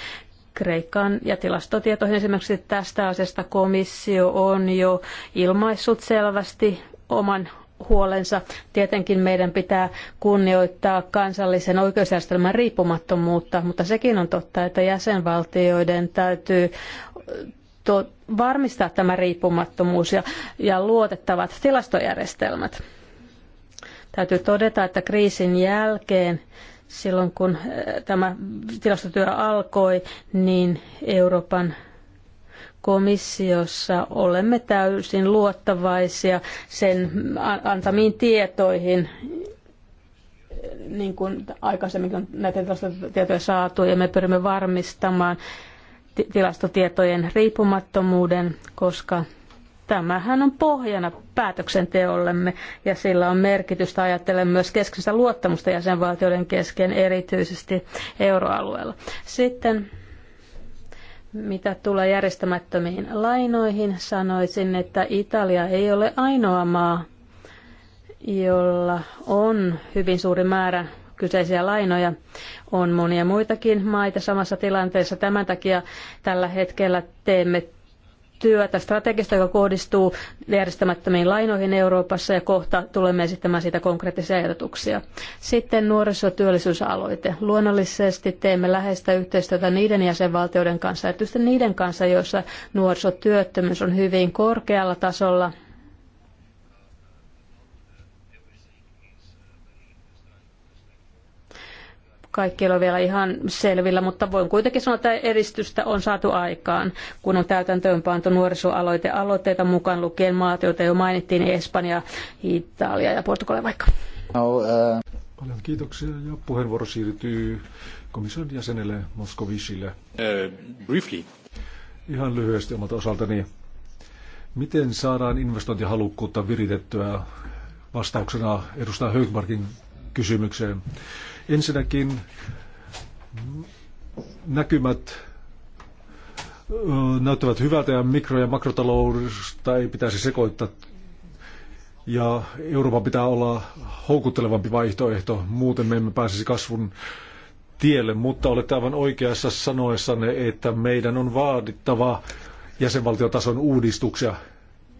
Kreikan ja tilastotietoihin esimerkiksi tästä asiasta komissio on jo ilmaissut selvästi oman huolensa. Tietenkin meidän pitää kunnioittaa kansallisen oikeusjärjestelmän riippumattomuutta, mutta sekin on totta, että jäsenvaltioiden täytyy varmistaa tämä riippumattomuus ja, ja luotettavat tilastojärjestelmät. Täytyy todeta, että kriisin jälkeen silloin kun eh, tämä tilastotyö alkoi, niin Euroopan komissiossa olemme täysin luottavaisia sen antamiin tietoihin, niin kuin aikaisemmin on näitä tilastotietoja saatu, ja me pyrimme varmistamaan tilastotietojen riippumattomuuden, koska Tämähän on pohjana päätöksenteollemme ja sillä on merkitystä ajatellen myös keskeistä luottamusta jäsenvaltioiden kesken erityisesti euroalueella. Sitten mitä tulee järjestämättömiin lainoihin, sanoisin, että Italia ei ole ainoa maa, jolla on hyvin suuri määrä kyseisiä lainoja. On monia muitakin maita samassa tilanteessa. Tämän takia tällä hetkellä teemme työtä, strategista, joka kohdistuu järjestämättömiin lainoihin Euroopassa ja kohta tulemme esittämään siitä konkreettisia ehdotuksia. Sitten nuorisotyöllisyysaloite. Luonnollisesti teemme läheistä yhteistyötä niiden jäsenvaltioiden kanssa, erityisesti niiden kanssa, joissa nuorisotyöttömyys on hyvin korkealla tasolla – Kaikki ei ole vielä ihan selvillä, mutta voin kuitenkin sanoa, että edistystä on saatu aikaan, kun on täytäntöönpantu nuorisoaloitteita mukaan lukien maat, joita jo mainittiin, niin Espanja, Italia ja Portugali vaikka. No, uh... Paljon kiitoksia ja puheenvuoro siirtyy komission jäsenelle Moskovisille. Uh, äh, briefly. Ihan lyhyesti omalta osaltani. Miten saadaan investointihalukkuutta viritettyä vastauksena edustaja Högmarkin kysymykseen? Ensinnäkin näkymät näyttävät hyvältä ja mikro- ja makrotaloudesta ei pitäisi sekoittaa. Ja Euroopan pitää olla houkuttelevampi vaihtoehto, muuten me emme pääsisi kasvun tielle, mutta olette aivan oikeassa sanoessanne, että meidän on vaadittava jäsenvaltiotason uudistuksia.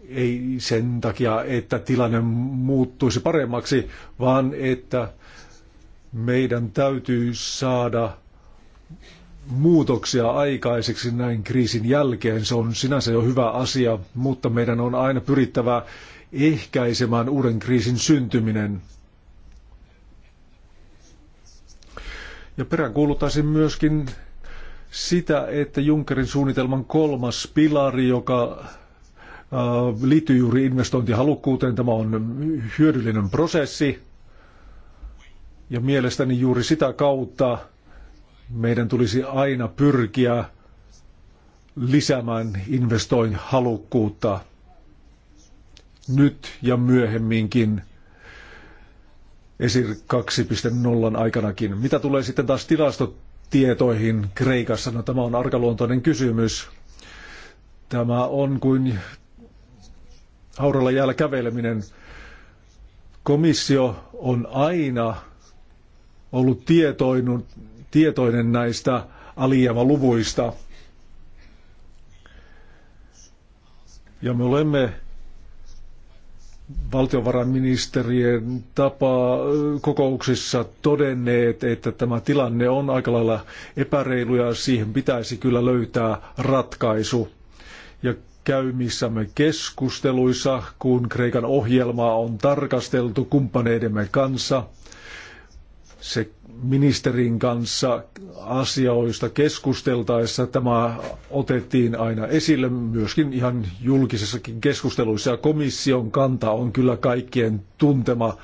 Ei sen takia, että tilanne muuttuisi paremmaksi, vaan että meidän täytyy saada muutoksia aikaiseksi näin kriisin jälkeen. Se on sinänsä jo hyvä asia, mutta meidän on aina pyrittävä ehkäisemään uuden kriisin syntyminen. Ja peräänkuuluttaisin myöskin sitä, että Junckerin suunnitelman kolmas pilari, joka äh, liittyy juuri investointihalukkuuteen, tämä on hyödyllinen prosessi. Ja mielestäni juuri sitä kautta meidän tulisi aina pyrkiä lisäämään investointihalukkuutta nyt ja myöhemminkin esir 2.0 aikanakin. Mitä tulee sitten taas tilastotietoihin Kreikassa? No tämä on arkaluontoinen kysymys. Tämä on kuin haudalla jäällä käveleminen. Komissio on aina ollut tietoinen näistä alijäämäluvuista. Ja me olemme valtiovarainministerien tapa kokouksissa todenneet, että tämä tilanne on aika lailla epäreilu ja siihen pitäisi kyllä löytää ratkaisu. Ja käymissämme keskusteluissa, kun Kreikan ohjelmaa on tarkasteltu kumppaneidemme kanssa – se ministerin kanssa asioista keskusteltaessa tämä otettiin aina esille myöskin ihan julkisessakin keskusteluissa ja komission kanta on kyllä kaikkien tuntema,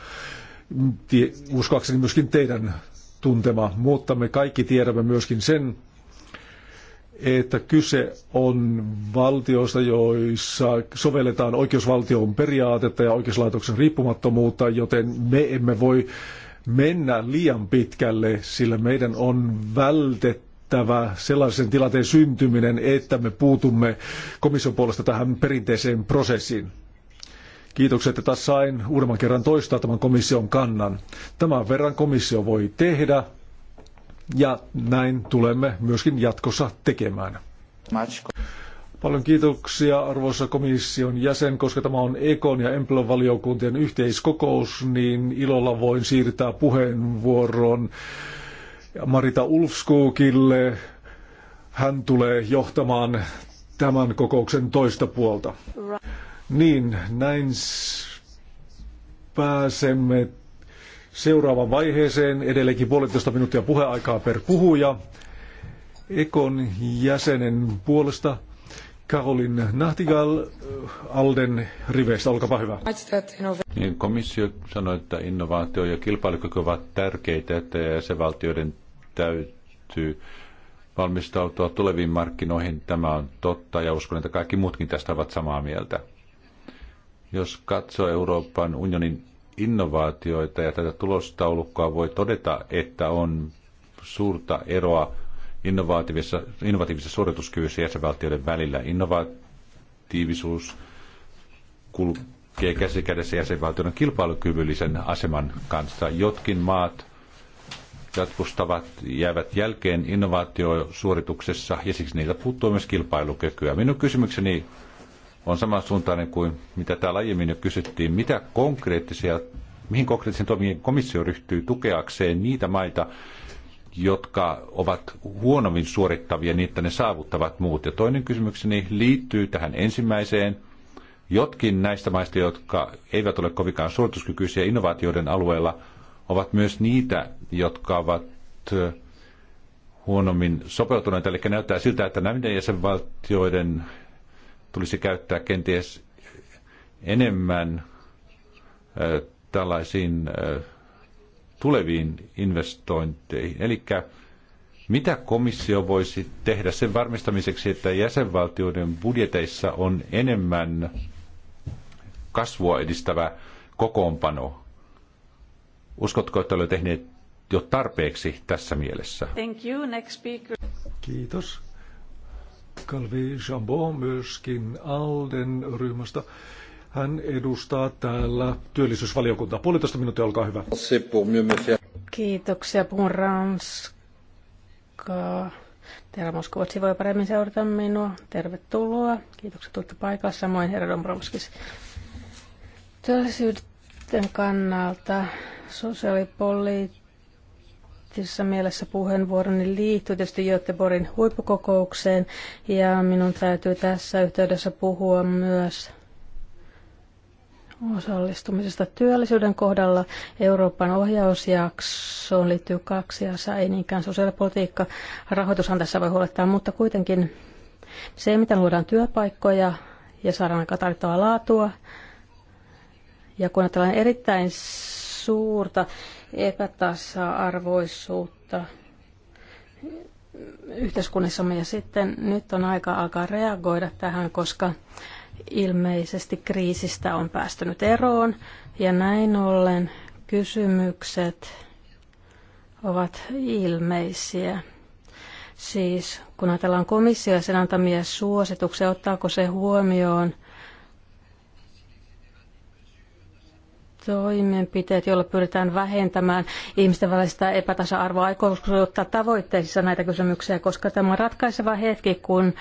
uskoakseni myöskin teidän tuntema, mutta me kaikki tiedämme myöskin sen, että kyse on valtioista, joissa sovelletaan oikeusvaltion periaatetta ja oikeuslaitoksen riippumattomuutta, joten me emme voi mennä liian pitkälle, sillä meidän on vältettävä sellaisen tilanteen syntyminen, että me puutumme komission puolesta tähän perinteiseen prosessiin. Kiitokset, että sain uudemman kerran toistaa tämän komission kannan. Tämän verran komissio voi tehdä ja näin tulemme myöskin jatkossa tekemään. Paljon kiitoksia arvoisa komission jäsen, koska tämä on Ekon ja Emplon valiokuntien yhteiskokous, niin ilolla voin siirtää puheenvuoron Marita Ulfskukille. Hän tulee johtamaan tämän kokouksen toista puolta. Niin, näin pääsemme seuraavaan vaiheeseen. Edelleenkin puolitoista minuuttia puheaikaa per puhuja. Ekon jäsenen puolesta Karolin Nahtigal äh, Alden riveistä, olkapa hyvä. Niin, komissio sanoi, että innovaatio ja kilpailukyky ovat tärkeitä, että jäsenvaltioiden täytyy valmistautua tuleviin markkinoihin. Tämä on totta ja uskon, että kaikki muutkin tästä ovat samaa mieltä. Jos katsoo Euroopan unionin innovaatioita ja tätä tulostaulukkoa, voi todeta, että on suurta eroa innovatiivisessa, innovatiivisessa suorituskyvyssä jäsenvaltioiden välillä. Innovatiivisuus kulkee kädessä jäsenvaltioiden kilpailukyvyllisen aseman kanssa. Jotkin maat jatkustavat jäävät jälkeen innovaatiosuorituksessa ja siksi niitä puuttuu myös kilpailukykyä. Minun kysymykseni on samansuuntainen kuin mitä täällä aiemmin jo kysyttiin. Mitä konkreettisia, mihin konkreettisiin toimiin komissio ryhtyy tukeakseen niitä maita, jotka ovat huonommin suorittavia niin, että ne saavuttavat muut. Ja toinen kysymykseni liittyy tähän ensimmäiseen. Jotkin näistä maista, jotka eivät ole kovinkaan suorituskykyisiä innovaatioiden alueella, ovat myös niitä, jotka ovat huonommin sopeutuneita. Eli näyttää siltä, että näiden jäsenvaltioiden tulisi käyttää kenties enemmän tällaisiin tuleviin investointeihin. Eli mitä komissio voisi tehdä sen varmistamiseksi, että jäsenvaltioiden budjeteissa on enemmän kasvua edistävä kokoonpano? Uskotko, että olette tehneet jo tarpeeksi tässä mielessä? Thank you. Next speaker. Kiitos. Calvi Jambon myöskin Alden ryhmästä. Hän edustaa täällä työllisyysvaliokuntaa. Puolitoista minuuttia, olkaa hyvä. Kiitoksia, puhun ranskaa. Täällä Moskovotsi voi paremmin seurata minua. Tervetuloa. Kiitoksia tulitte paikalle. Samoin herra Dombrovskis. Työllisyyden kannalta sosiaalipoliittisessa mielessä puheenvuoroni liittyy tietysti Göteborgin huippukokoukseen ja minun täytyy tässä yhteydessä puhua myös osallistumisesta työllisyyden kohdalla. Euroopan ohjausjaksoon liittyy kaksi asiaa, ei niinkään sosiaalipolitiikka. Rahoitushan tässä voi huolettaa, mutta kuitenkin se, miten luodaan työpaikkoja ja saadaan aika tarvittavaa laatua. Ja kun ajatellaan erittäin suurta epätasa-arvoisuutta yhteiskunnissamme ja sitten nyt on aika alkaa reagoida tähän, koska Ilmeisesti kriisistä on päästynyt eroon ja näin ollen kysymykset ovat ilmeisiä. Siis kun ajatellaan komissio ja sen antamia suosituksia, ottaako se huomioon toimenpiteet, joilla pyritään vähentämään ihmisten välistä epätasa-arvoa, aikooko ottaa tavoitteissa näitä kysymyksiä, koska tämä on ratkaiseva hetki, kun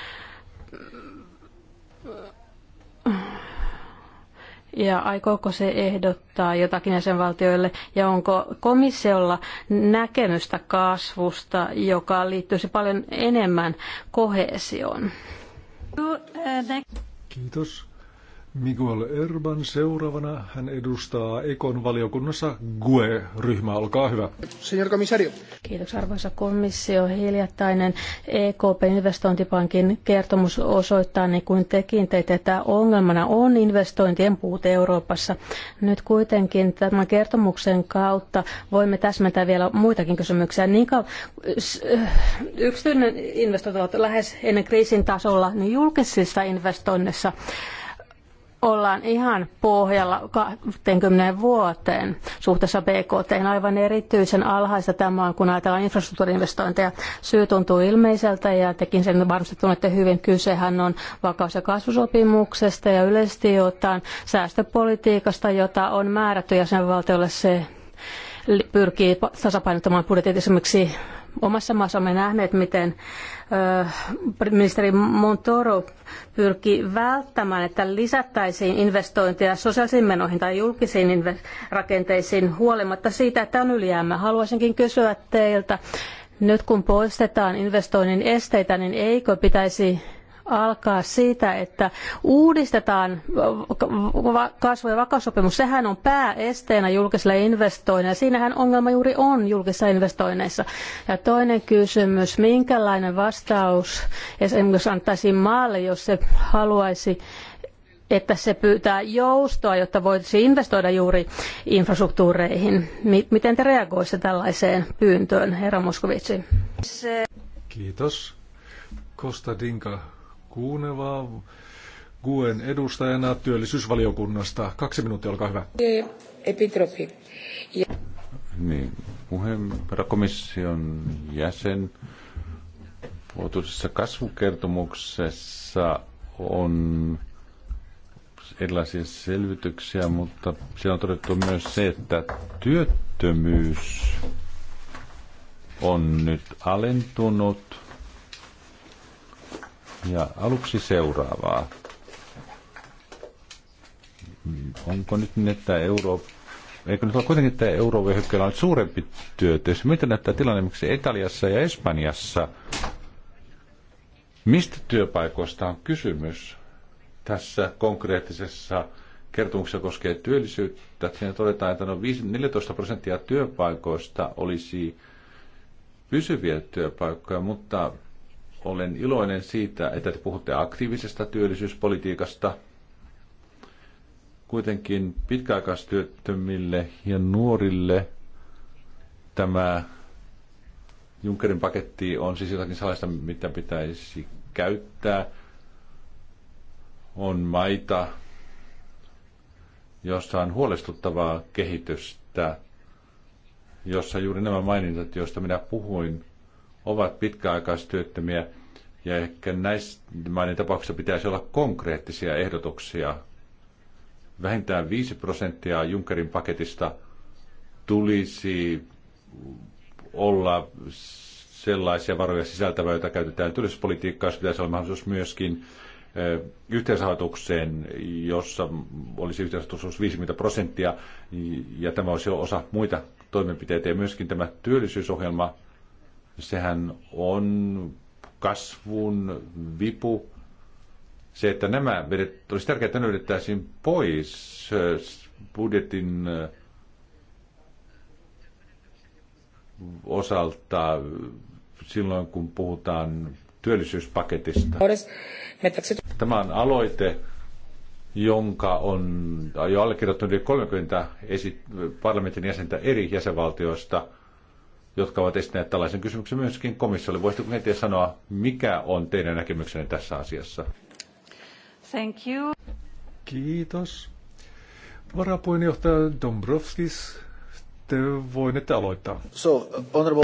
ja aikooko se ehdottaa jotakin jäsenvaltioille? Ja onko komissiolla näkemystä kasvusta, joka liittyisi paljon enemmän kohesioon? Kiitos. Miguel Erban seuraavana. Hän edustaa Ekon valiokunnassa GUE-ryhmää. Olkaa hyvä. Senior komissario. Kiitos arvoisa komissio. Hiljattainen ekp investointipankin kertomus osoittaa niin kuin tekin teitä, että ongelmana on investointien puute Euroopassa. Nyt kuitenkin tämän kertomuksen kautta voimme täsmentää vielä muitakin kysymyksiä. Niin kuin äh, yksityinen investointi on lähes ennen kriisin tasolla, niin julkisissa investoinnissa ollaan ihan pohjalla 20 vuoteen suhteessa BKT. Aivan erityisen alhaista tämä on, kun ajatellaan infrastruktuurinvestointeja. Syy tuntuu ilmeiseltä ja tekin sen varmasti tunnette hyvin. Kysehän on vakaus- ja kasvusopimuksesta ja yleisesti ottaen säästöpolitiikasta, jota on määrätty jäsenvaltiolle se pyrkii tasapainottamaan budjetit. Esimerkiksi omassa maassa olemme nähneet, miten ministeri Montoro pyrki välttämään, että lisättäisiin investointeja sosiaalisiin menoihin tai julkisiin rakenteisiin huolimatta siitä, että on ylijäämä. Haluaisinkin kysyä teiltä, nyt kun poistetaan investoinnin esteitä, niin eikö pitäisi alkaa siitä, että uudistetaan kasvu- ja vakaussopimus. Sehän on pääesteenä julkisille investoinneille. Siinähän ongelma juuri on julkisissa investoinneissa. Ja toinen kysymys, minkälainen vastaus esimerkiksi antaisi maalle, jos se haluaisi että se pyytää joustoa, jotta voisi investoida juuri infrastruktuureihin. Miten te reagoisitte tällaiseen pyyntöön, herra Moskovitsi? Kiitos. Kosta Dinka Kuunevaa Guen edustajana työllisyysvaliokunnasta. Kaksi minuuttia, olkaa hyvä. Eh, epitrofi. Ja... Niin, puheenjohtaja komission jäsen vuotuisessa kasvukertomuksessa on erilaisia selvityksiä, mutta siellä on todettu myös se, että työttömyys on nyt alentunut ja aluksi seuraavaa. Onko nyt niin, että Euro... eikö nyt ole kuitenkin tämä eurovyöhykkeellä on suurempi työttöys? Mitä näyttää tilanne miksi Italiassa ja Espanjassa? Mistä työpaikoista on kysymys tässä konkreettisessa kertomuksessa koskee työllisyyttä? Siinä todetaan, että noin 14 prosenttia työpaikoista olisi pysyviä työpaikkoja, mutta olen iloinen siitä, että te puhutte aktiivisesta työllisyyspolitiikasta. Kuitenkin pitkäaikaistyöttömille ja nuorille tämä Junckerin paketti on siis jotakin sellaista, mitä pitäisi käyttää. On maita, jossa on huolestuttavaa kehitystä, jossa juuri nämä mainintat, joista minä puhuin, ovat pitkäaikaistyöttömiä. Ja ehkä näissä maiden tapauksissa pitäisi olla konkreettisia ehdotuksia. Vähintään 5 prosenttia Junckerin paketista tulisi olla sellaisia varoja sisältävää, joita käytetään työllisyyspolitiikkaan. Pitäisi olla mahdollisuus myöskin yhteisrahoitukseen, jossa olisi yhteisrahoitus 50 prosenttia, ja tämä olisi osa muita toimenpiteitä. Ja myöskin tämä työllisyysohjelma Sehän on kasvun vipu. Se, että nämä vedet, olisi tärkeää, että ne vedettäisiin pois äh, budjetin äh, osalta silloin, kun puhutaan työllisyyspaketista. Tämä on aloite, jonka on jo allekirjoittanut yli 30 esit- parlamentin jäsentä eri jäsenvaltioista – jotka ovat esittäneet tällaisen kysymyksen myöskin komissiolle. Voisitteko kenties sanoa, mikä on teidän näkemyksenne tässä asiassa? Thank you. Kiitos. Varapuheenjohtaja Dombrovskis, te voinette aloittaa. So, honorable...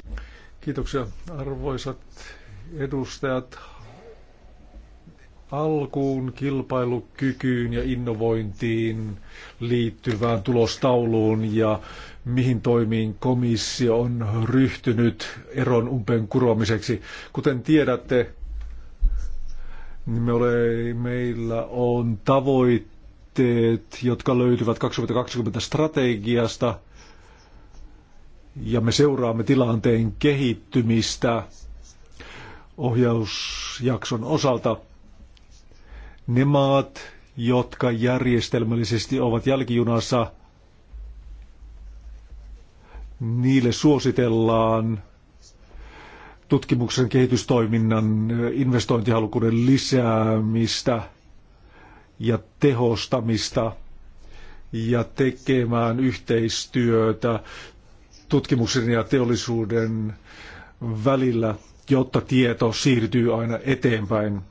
Kiitoksia arvoisat edustajat alkuun kilpailukykyyn ja innovointiin liittyvään tulostauluun ja mihin toimiin komissio on ryhtynyt eron umpeen kuromiseksi. Kuten tiedätte, niin me ole, meillä on tavoitteet, jotka löytyvät 2020 strategiasta ja me seuraamme tilanteen kehittymistä ohjausjakson osalta – ne maat, jotka järjestelmällisesti ovat jälkijunassa, niille suositellaan tutkimuksen kehitystoiminnan eh, investointihalukkuuden lisäämistä ja tehostamista ja tekemään yhteistyötä tutkimuksen ja teollisuuden välillä, jotta tieto siirtyy aina eteenpäin.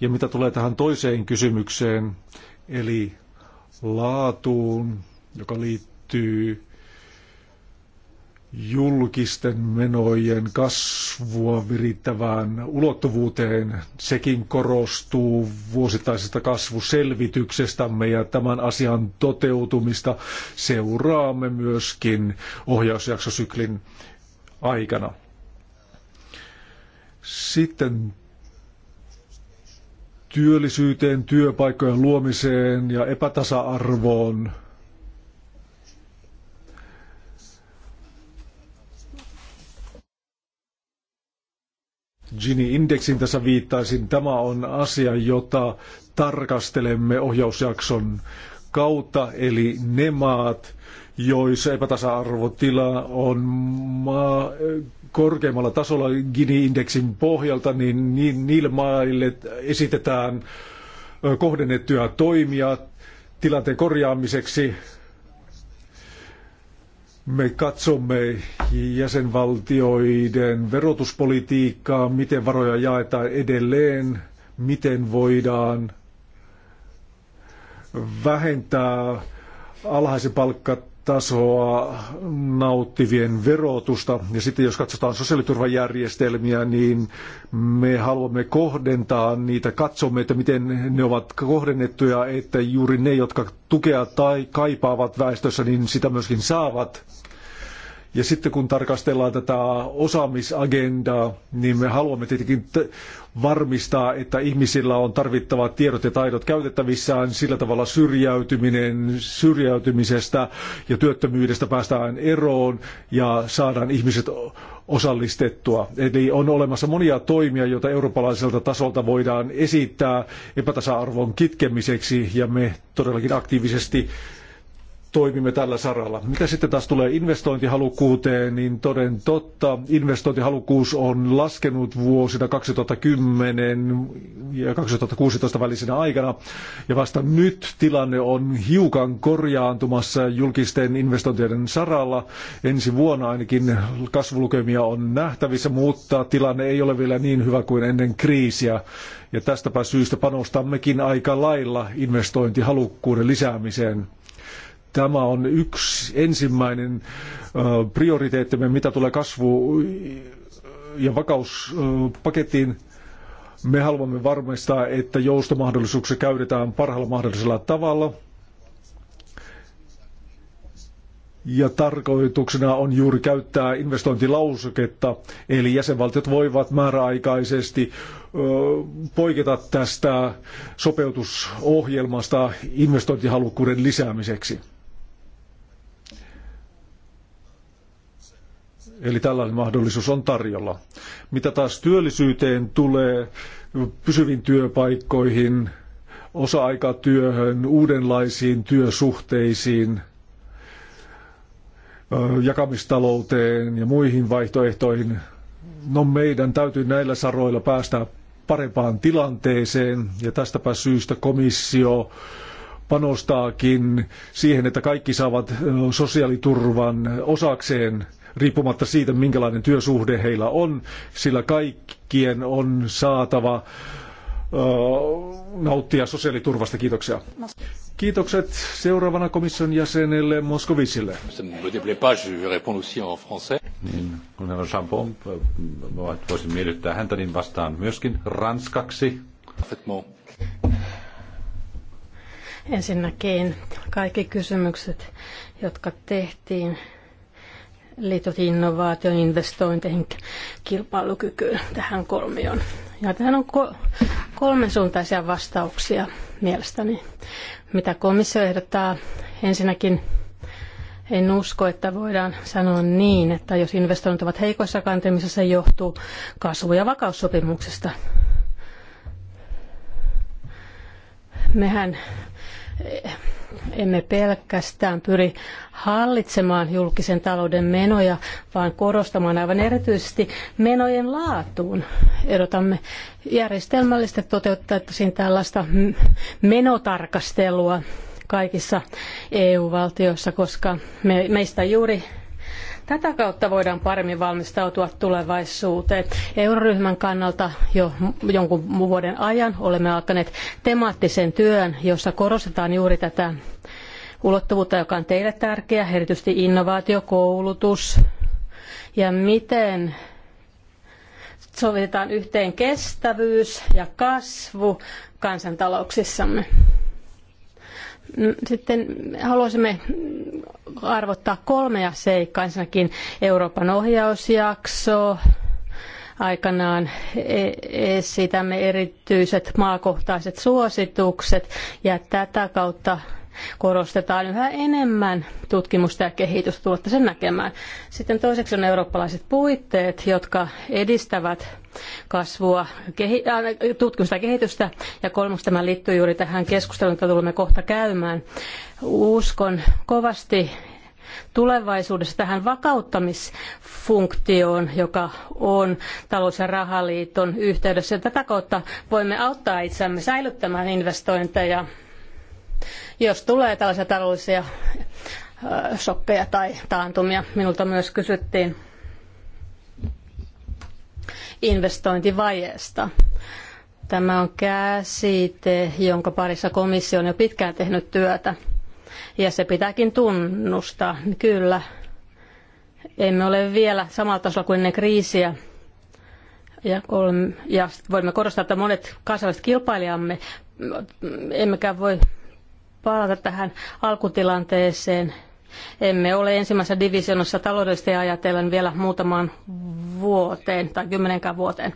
Ja mitä tulee tähän toiseen kysymykseen, eli laatuun, joka liittyy julkisten menojen kasvua virittävään ulottuvuuteen. Sekin korostuu vuosittaisesta kasvuselvityksestämme ja tämän asian toteutumista seuraamme myöskin ohjausjaksosyklin aikana. Sitten työllisyyteen, työpaikkojen luomiseen ja epätasa-arvoon. Gini-indeksin tässä viittaisin. Tämä on asia, jota tarkastelemme ohjausjakson kautta, eli ne maat, joissa epätasa-arvotila on maa, korkeammalla tasolla Gini-indeksin pohjalta, niin niille maille esitetään kohdennettuja toimia tilanteen korjaamiseksi. Me katsomme jäsenvaltioiden verotuspolitiikkaa, miten varoja jaetaan edelleen, miten voidaan vähentää alhaisen palkkat tasoa nauttivien verotusta. Ja sitten jos katsotaan sosiaaliturvajärjestelmiä, niin me haluamme kohdentaa niitä, katsomme, että miten ne ovat kohdennettuja, että juuri ne, jotka tukea tai kaipaavat väestössä, niin sitä myöskin saavat. Ja sitten kun tarkastellaan tätä osaamisagendaa, niin me haluamme tietenkin varmistaa, että ihmisillä on tarvittavat tiedot ja taidot käytettävissään. Sillä tavalla syrjäytyminen, syrjäytymisestä ja työttömyydestä päästään eroon ja saadaan ihmiset osallistettua. Eli on olemassa monia toimia, joita eurooppalaiselta tasolta voidaan esittää epätasa-arvon kitkemiseksi ja me todellakin aktiivisesti toimimme tällä saralla. Mitä sitten taas tulee investointihalukkuuteen, niin toden totta, investointihalukkuus on laskenut vuosina 2010 ja 2016 välisenä aikana, ja vasta nyt tilanne on hiukan korjaantumassa julkisten investointien saralla. Ensi vuonna ainakin kasvulukemia on nähtävissä, mutta tilanne ei ole vielä niin hyvä kuin ennen kriisiä, ja tästäpä syystä panostammekin aika lailla investointihalukkuuden lisäämiseen tämä on yksi ensimmäinen prioriteettimme, mitä tulee kasvu- ja vakauspakettiin. Me haluamme varmistaa, että joustomahdollisuuksia käytetään parhaalla mahdollisella tavalla. Ja tarkoituksena on juuri käyttää investointilauseketta, eli jäsenvaltiot voivat määräaikaisesti poiketa tästä sopeutusohjelmasta investointihalukkuuden lisäämiseksi. Eli tällainen mahdollisuus on tarjolla. Mitä taas työllisyyteen tulee, pysyviin työpaikkoihin, osa-aikatyöhön, uudenlaisiin työsuhteisiin, jakamistalouteen ja muihin vaihtoehtoihin. No meidän täytyy näillä saroilla päästä parempaan tilanteeseen ja tästäpä syystä komissio panostaakin siihen, että kaikki saavat sosiaaliturvan osakseen riippumatta siitä, minkälainen työsuhde heillä on, sillä kaikkien on saatava nauttia sosiaaliturvasta. Kiitoksia. Kiitokset seuraavana komission jäsenelle Moskovicille. Niin, kun hän on shampoo, voisin miellyttää häntä, niin vastaan myöskin ranskaksi. Ensinnäkin kaikki kysymykset, jotka tehtiin liitot innovaation, investointeihin, kilpailukykyyn tähän kolmioon. Ja tähän on ko- kolmen suuntaisia vastauksia mielestäni. Mitä komissio ehdottaa? Ensinnäkin en usko, että voidaan sanoa niin, että jos investoinnit ovat heikoissa kantimissa, se johtuu kasvu- ja vakaussopimuksesta. Mehän emme pelkästään pyri hallitsemaan julkisen talouden menoja, vaan korostamaan aivan erityisesti menojen laatuun. Erotamme järjestelmällisesti toteuttaisiin tällaista menotarkastelua kaikissa EU-valtioissa, koska me, meistä juuri Tätä kautta voidaan paremmin valmistautua tulevaisuuteen. Euroryhmän kannalta jo jonkun vuoden ajan olemme alkaneet temaattisen työn, jossa korostetaan juuri tätä ulottuvuutta, joka on teille tärkeä, erityisesti innovaatio, koulutus ja miten sovitetaan yhteen kestävyys ja kasvu kansantalouksissamme. Sitten haluaisimme arvottaa kolmea seikkaa. Ensinnäkin Euroopan ohjausjakso, aikanaan e- esitämme erityiset maakohtaiset suositukset ja tätä kautta korostetaan yhä enemmän tutkimusta ja kehitystä, tulette sen näkemään. Sitten toiseksi on eurooppalaiset puitteet, jotka edistävät kasvua, kehi- äh, tutkimusta ja kehitystä. Ja kolmas tämä liittyy juuri tähän keskusteluun, jota tulemme kohta käymään. Uskon kovasti tulevaisuudessa tähän vakauttamisfunktioon, joka on talous- ja rahaliiton yhteydessä. Tätä kautta voimme auttaa itseämme säilyttämään investointeja jos tulee tällaisia taloudellisia shokkeja tai taantumia, minulta myös kysyttiin investointivajeesta. Tämä on käsite, jonka parissa komissio on jo pitkään tehnyt työtä. Ja se pitääkin tunnustaa. Kyllä, emme ole vielä samalla tasolla kuin ennen kriisiä. Ja, olemme, ja voimme korostaa, että monet kansainväliset kilpailijamme, emmekä voi palata tähän alkutilanteeseen. Emme ole ensimmäisessä divisionossa taloudellisesti ajatellen vielä muutamaan vuoteen tai kymmenenkään vuoteen.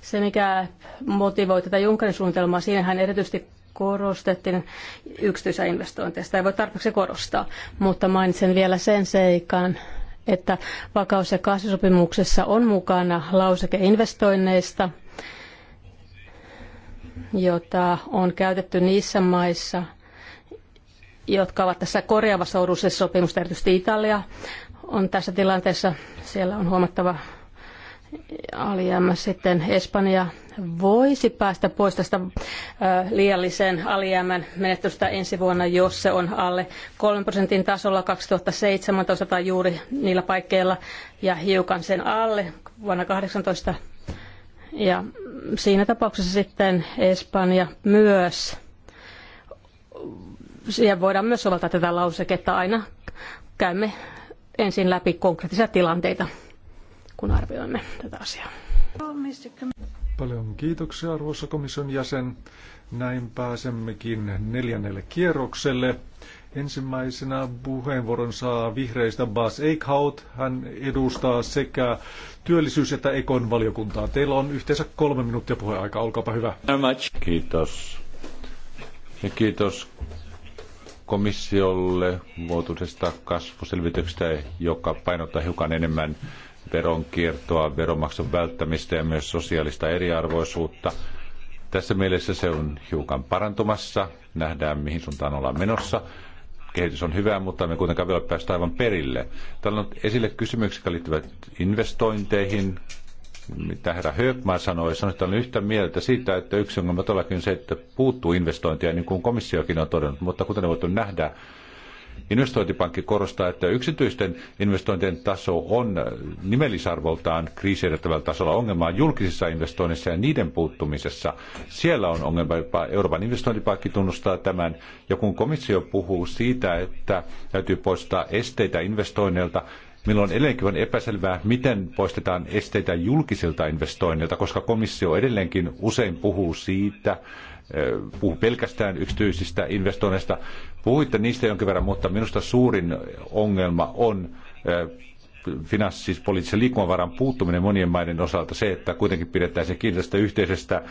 Se, mikä motivoi tätä Junckerin suunnitelmaa, siinähän erityisesti korostettiin yksityisiä investointeja. Sitä ei voi tarpeeksi korostaa, mutta mainitsen vielä sen seikan, että vakaus- ja kasvusopimuksessa on mukana lauseke investoinneista – jota on käytetty niissä maissa, jotka ovat tässä korjaavassa oduisessa sopimusta, erityisesti Italia on tässä tilanteessa, siellä on huomattava alijäämä sitten Espanja voisi päästä pois tästä liiallisen alijäämän menettelystä ensi vuonna, jos se on alle 3 prosentin tasolla 2017 tai juuri niillä paikkeilla ja hiukan sen alle vuonna 2018 ja siinä tapauksessa sitten Espanja myös, ja voidaan myös soveltaa tätä lauseketta aina, käymme ensin läpi konkreettisia tilanteita, kun arvioimme tätä asiaa. Paljon kiitoksia arvoisa komission jäsen. Näin pääsemmekin neljännelle kierrokselle. Ensimmäisenä puheenvuoron saa vihreistä Bas Eichhaut. Hän edustaa sekä työllisyys- että ekon valiokuntaa. Teillä on yhteensä kolme minuuttia puheaikaa. Olkaapa hyvä. Kiitos. Ja kiitos komissiolle vuotuisesta kasvuselvityksestä, joka painottaa hiukan enemmän veronkiertoa, veronmaksun välttämistä ja myös sosiaalista eriarvoisuutta. Tässä mielessä se on hiukan parantumassa. Nähdään, mihin suuntaan ollaan menossa kehitys on hyvää, mutta me kuitenkaan vielä päästään aivan perille. Täällä on esille kysymyksiä, jotka liittyvät investointeihin, mitä herra Höökman sanoi, sanoi, että on yhtä mieltä siitä, että yksi ongelma todellakin on se, että puuttuu investointia, niin kuin komissiokin on todennut, mutta kuten on voitu nähdä, Investointipankki korostaa, että yksityisten investointien taso on nimellisarvoltaan kriisiydettävällä tasolla ongelmaa julkisissa investoinneissa ja niiden puuttumisessa. Siellä on ongelma, jopa Euroopan investointipankki tunnustaa tämän. Ja kun komissio puhuu siitä, että täytyy poistaa esteitä investoinneilta, Milloin edelleenkin on epäselvää, miten poistetaan esteitä julkisilta investoinneilta, koska komissio edelleenkin usein puhuu siitä, puhu pelkästään yksityisistä investoinneista. Puhuitte niistä jonkin verran, mutta minusta suurin ongelma on finanssi, siis poliittisen liikkumavaran puuttuminen monien maiden osalta, se, että kuitenkin pidettäisiin kiinni tästä yhteisestä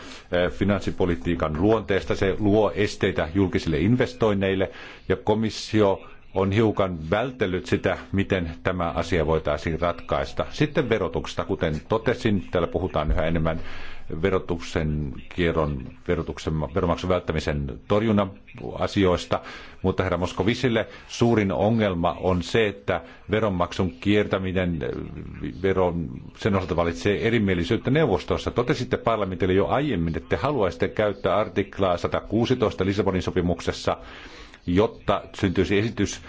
finanssipolitiikan luonteesta, se luo esteitä julkisille investoinneille, ja komissio on hiukan vältellyt sitä, miten tämä asia voitaisiin ratkaista. Sitten verotuksesta, kuten totesin, täällä puhutaan yhä enemmän verotuksen kierron, verotuksen, veromaksun välttämisen torjunnan asioista, mutta herra Moskovisille suurin ongelma on se, että veronmaksun kiertäminen, veron, sen osalta valitsee erimielisyyttä neuvostossa. Totesitte parlamentille jo aiemmin, että haluaisitte käyttää artiklaa 116 Lissabonin sopimuksessa, jotta syntyisi esitys,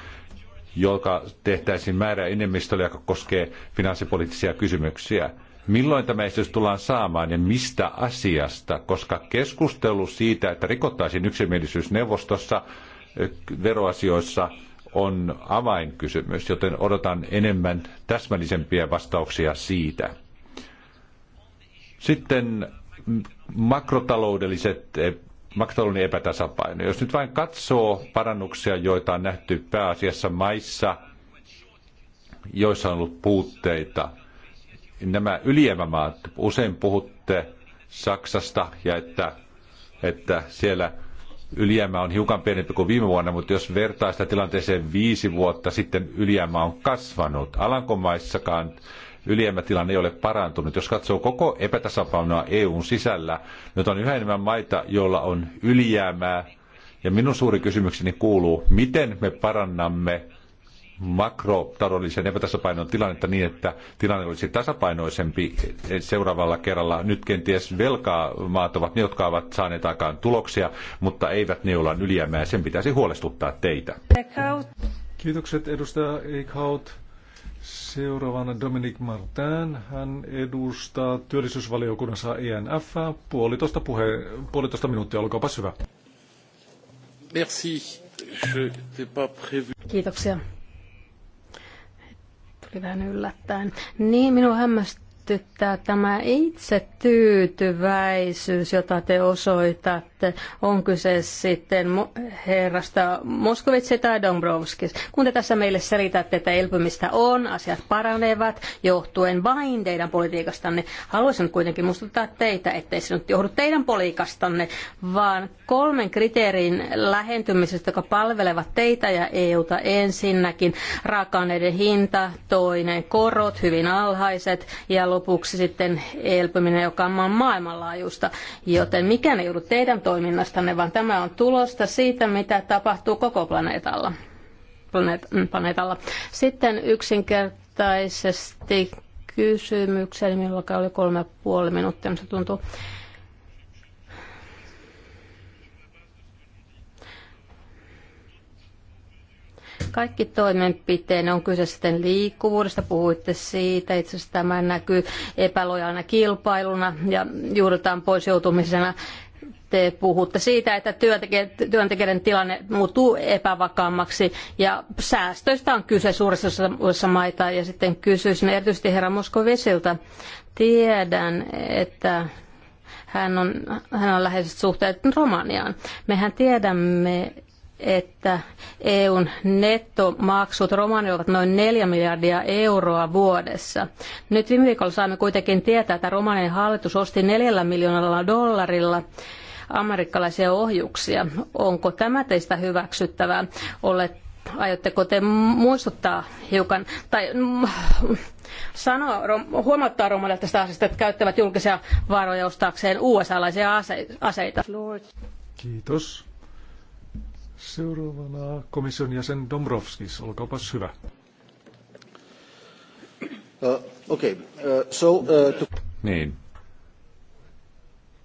joka tehtäisiin määrä enemmistöllä, joka koskee finanssipoliittisia kysymyksiä milloin tämä esitys tullaan saamaan ja mistä asiasta, koska keskustelu siitä, että rikottaisiin yksimielisyys neuvostossa veroasioissa, on avainkysymys, joten odotan enemmän täsmällisempiä vastauksia siitä. Sitten makrotaloudelliset e, makrotalouden epätasapaino. Jos nyt vain katsoo parannuksia, joita on nähty pääasiassa maissa, joissa on ollut puutteita, nämä ylijäämämaat, usein puhutte Saksasta ja että, että siellä ylijäämä on hiukan pienempi kuin viime vuonna, mutta jos vertaa sitä tilanteeseen viisi vuotta sitten, ylijäämä on kasvanut. Alankomaissakaan ylijäämätilanne ei ole parantunut. Jos katsoo koko epätasapainoa EUn sisällä, nyt on yhä enemmän maita, joilla on ylijäämää. Ja minun suuri kysymykseni kuuluu, miten me parannamme makrotaloudellisen epätasapainon tilannetta niin, että tilanne olisi tasapainoisempi seuraavalla kerralla. Nyt kenties velkaa maat ovat ne, jotka ovat saaneet aikaan tuloksia, mutta eivät ne, joilla on ylijäämää. Sen pitäisi huolestuttaa teitä. Kiitokset edustaja Eichhout. Seuraavana Dominic Martin. Hän edustaa työllisyysvaliokunnassa ENF. Puolitoista, puhe, puolitoista minuuttia, olkaapas hyvä. Merci. Je pas prévu. Kiitoksia tuli vähän yllättäen. Niin, minua hämmästyttää tämä itse tyytyväisyys, jota te osoitatte on kyse sitten herrasta Moskovitsi tai Dombrovskis. Kun te tässä meille selitätte, että elpymistä on, asiat paranevat, johtuen vain teidän politiikastanne, haluaisin kuitenkin muistuttaa teitä, ettei se nyt johdu teidän politiikastanne, vaan kolmen kriteerin lähentymisestä, jotka palvelevat teitä ja EUta ensinnäkin. Raaka-aineiden hinta, toinen korot, hyvin alhaiset ja lopuksi sitten elpyminen, joka on maailmanlaajuista. Joten mikään ei joudu teidän toiminnastanne, vaan tämä on tulosta siitä, mitä tapahtuu koko planeetalla. Mm, planeetalla. Sitten yksinkertaisesti kysymykseen, milloin oli kolme ja puoli minuuttia, se tuntuu. kaikki toimenpiteen, on kyse sitten liikkuvuudesta, puhuitte siitä, itse asiassa tämä näkyy epälojana kilpailuna ja juuritaan pois joutumisena te puhutte siitä, että työntekijöiden tilanne muuttuu epävakaammaksi ja säästöistä on kyse suurissa osassa maita ja sitten kysyisin erityisesti herra Moskovisilta. Tiedän, että hän on, hän on läheiset suhteet Romaniaan. Mehän tiedämme, että EUn nettomaksut Romaniaan ovat noin 4 miljardia euroa vuodessa. Nyt viime viikolla saimme kuitenkin tietää, että Romanian hallitus osti 4 miljoonalla dollarilla amerikkalaisia ohjuksia. Onko tämä teistä hyväksyttävää? Olet aiotteko te muistuttaa hiukan, tai mm, sanoa, huomauttaa romalle tästä asiasta, että käyttävät julkisia varoja ostaakseen USA-laisia aseita? Kiitos. Seuraavana komission jäsen Dombrovskis, olkaapas hyvä. Uh, okay. uh, so, uh, to... Niin.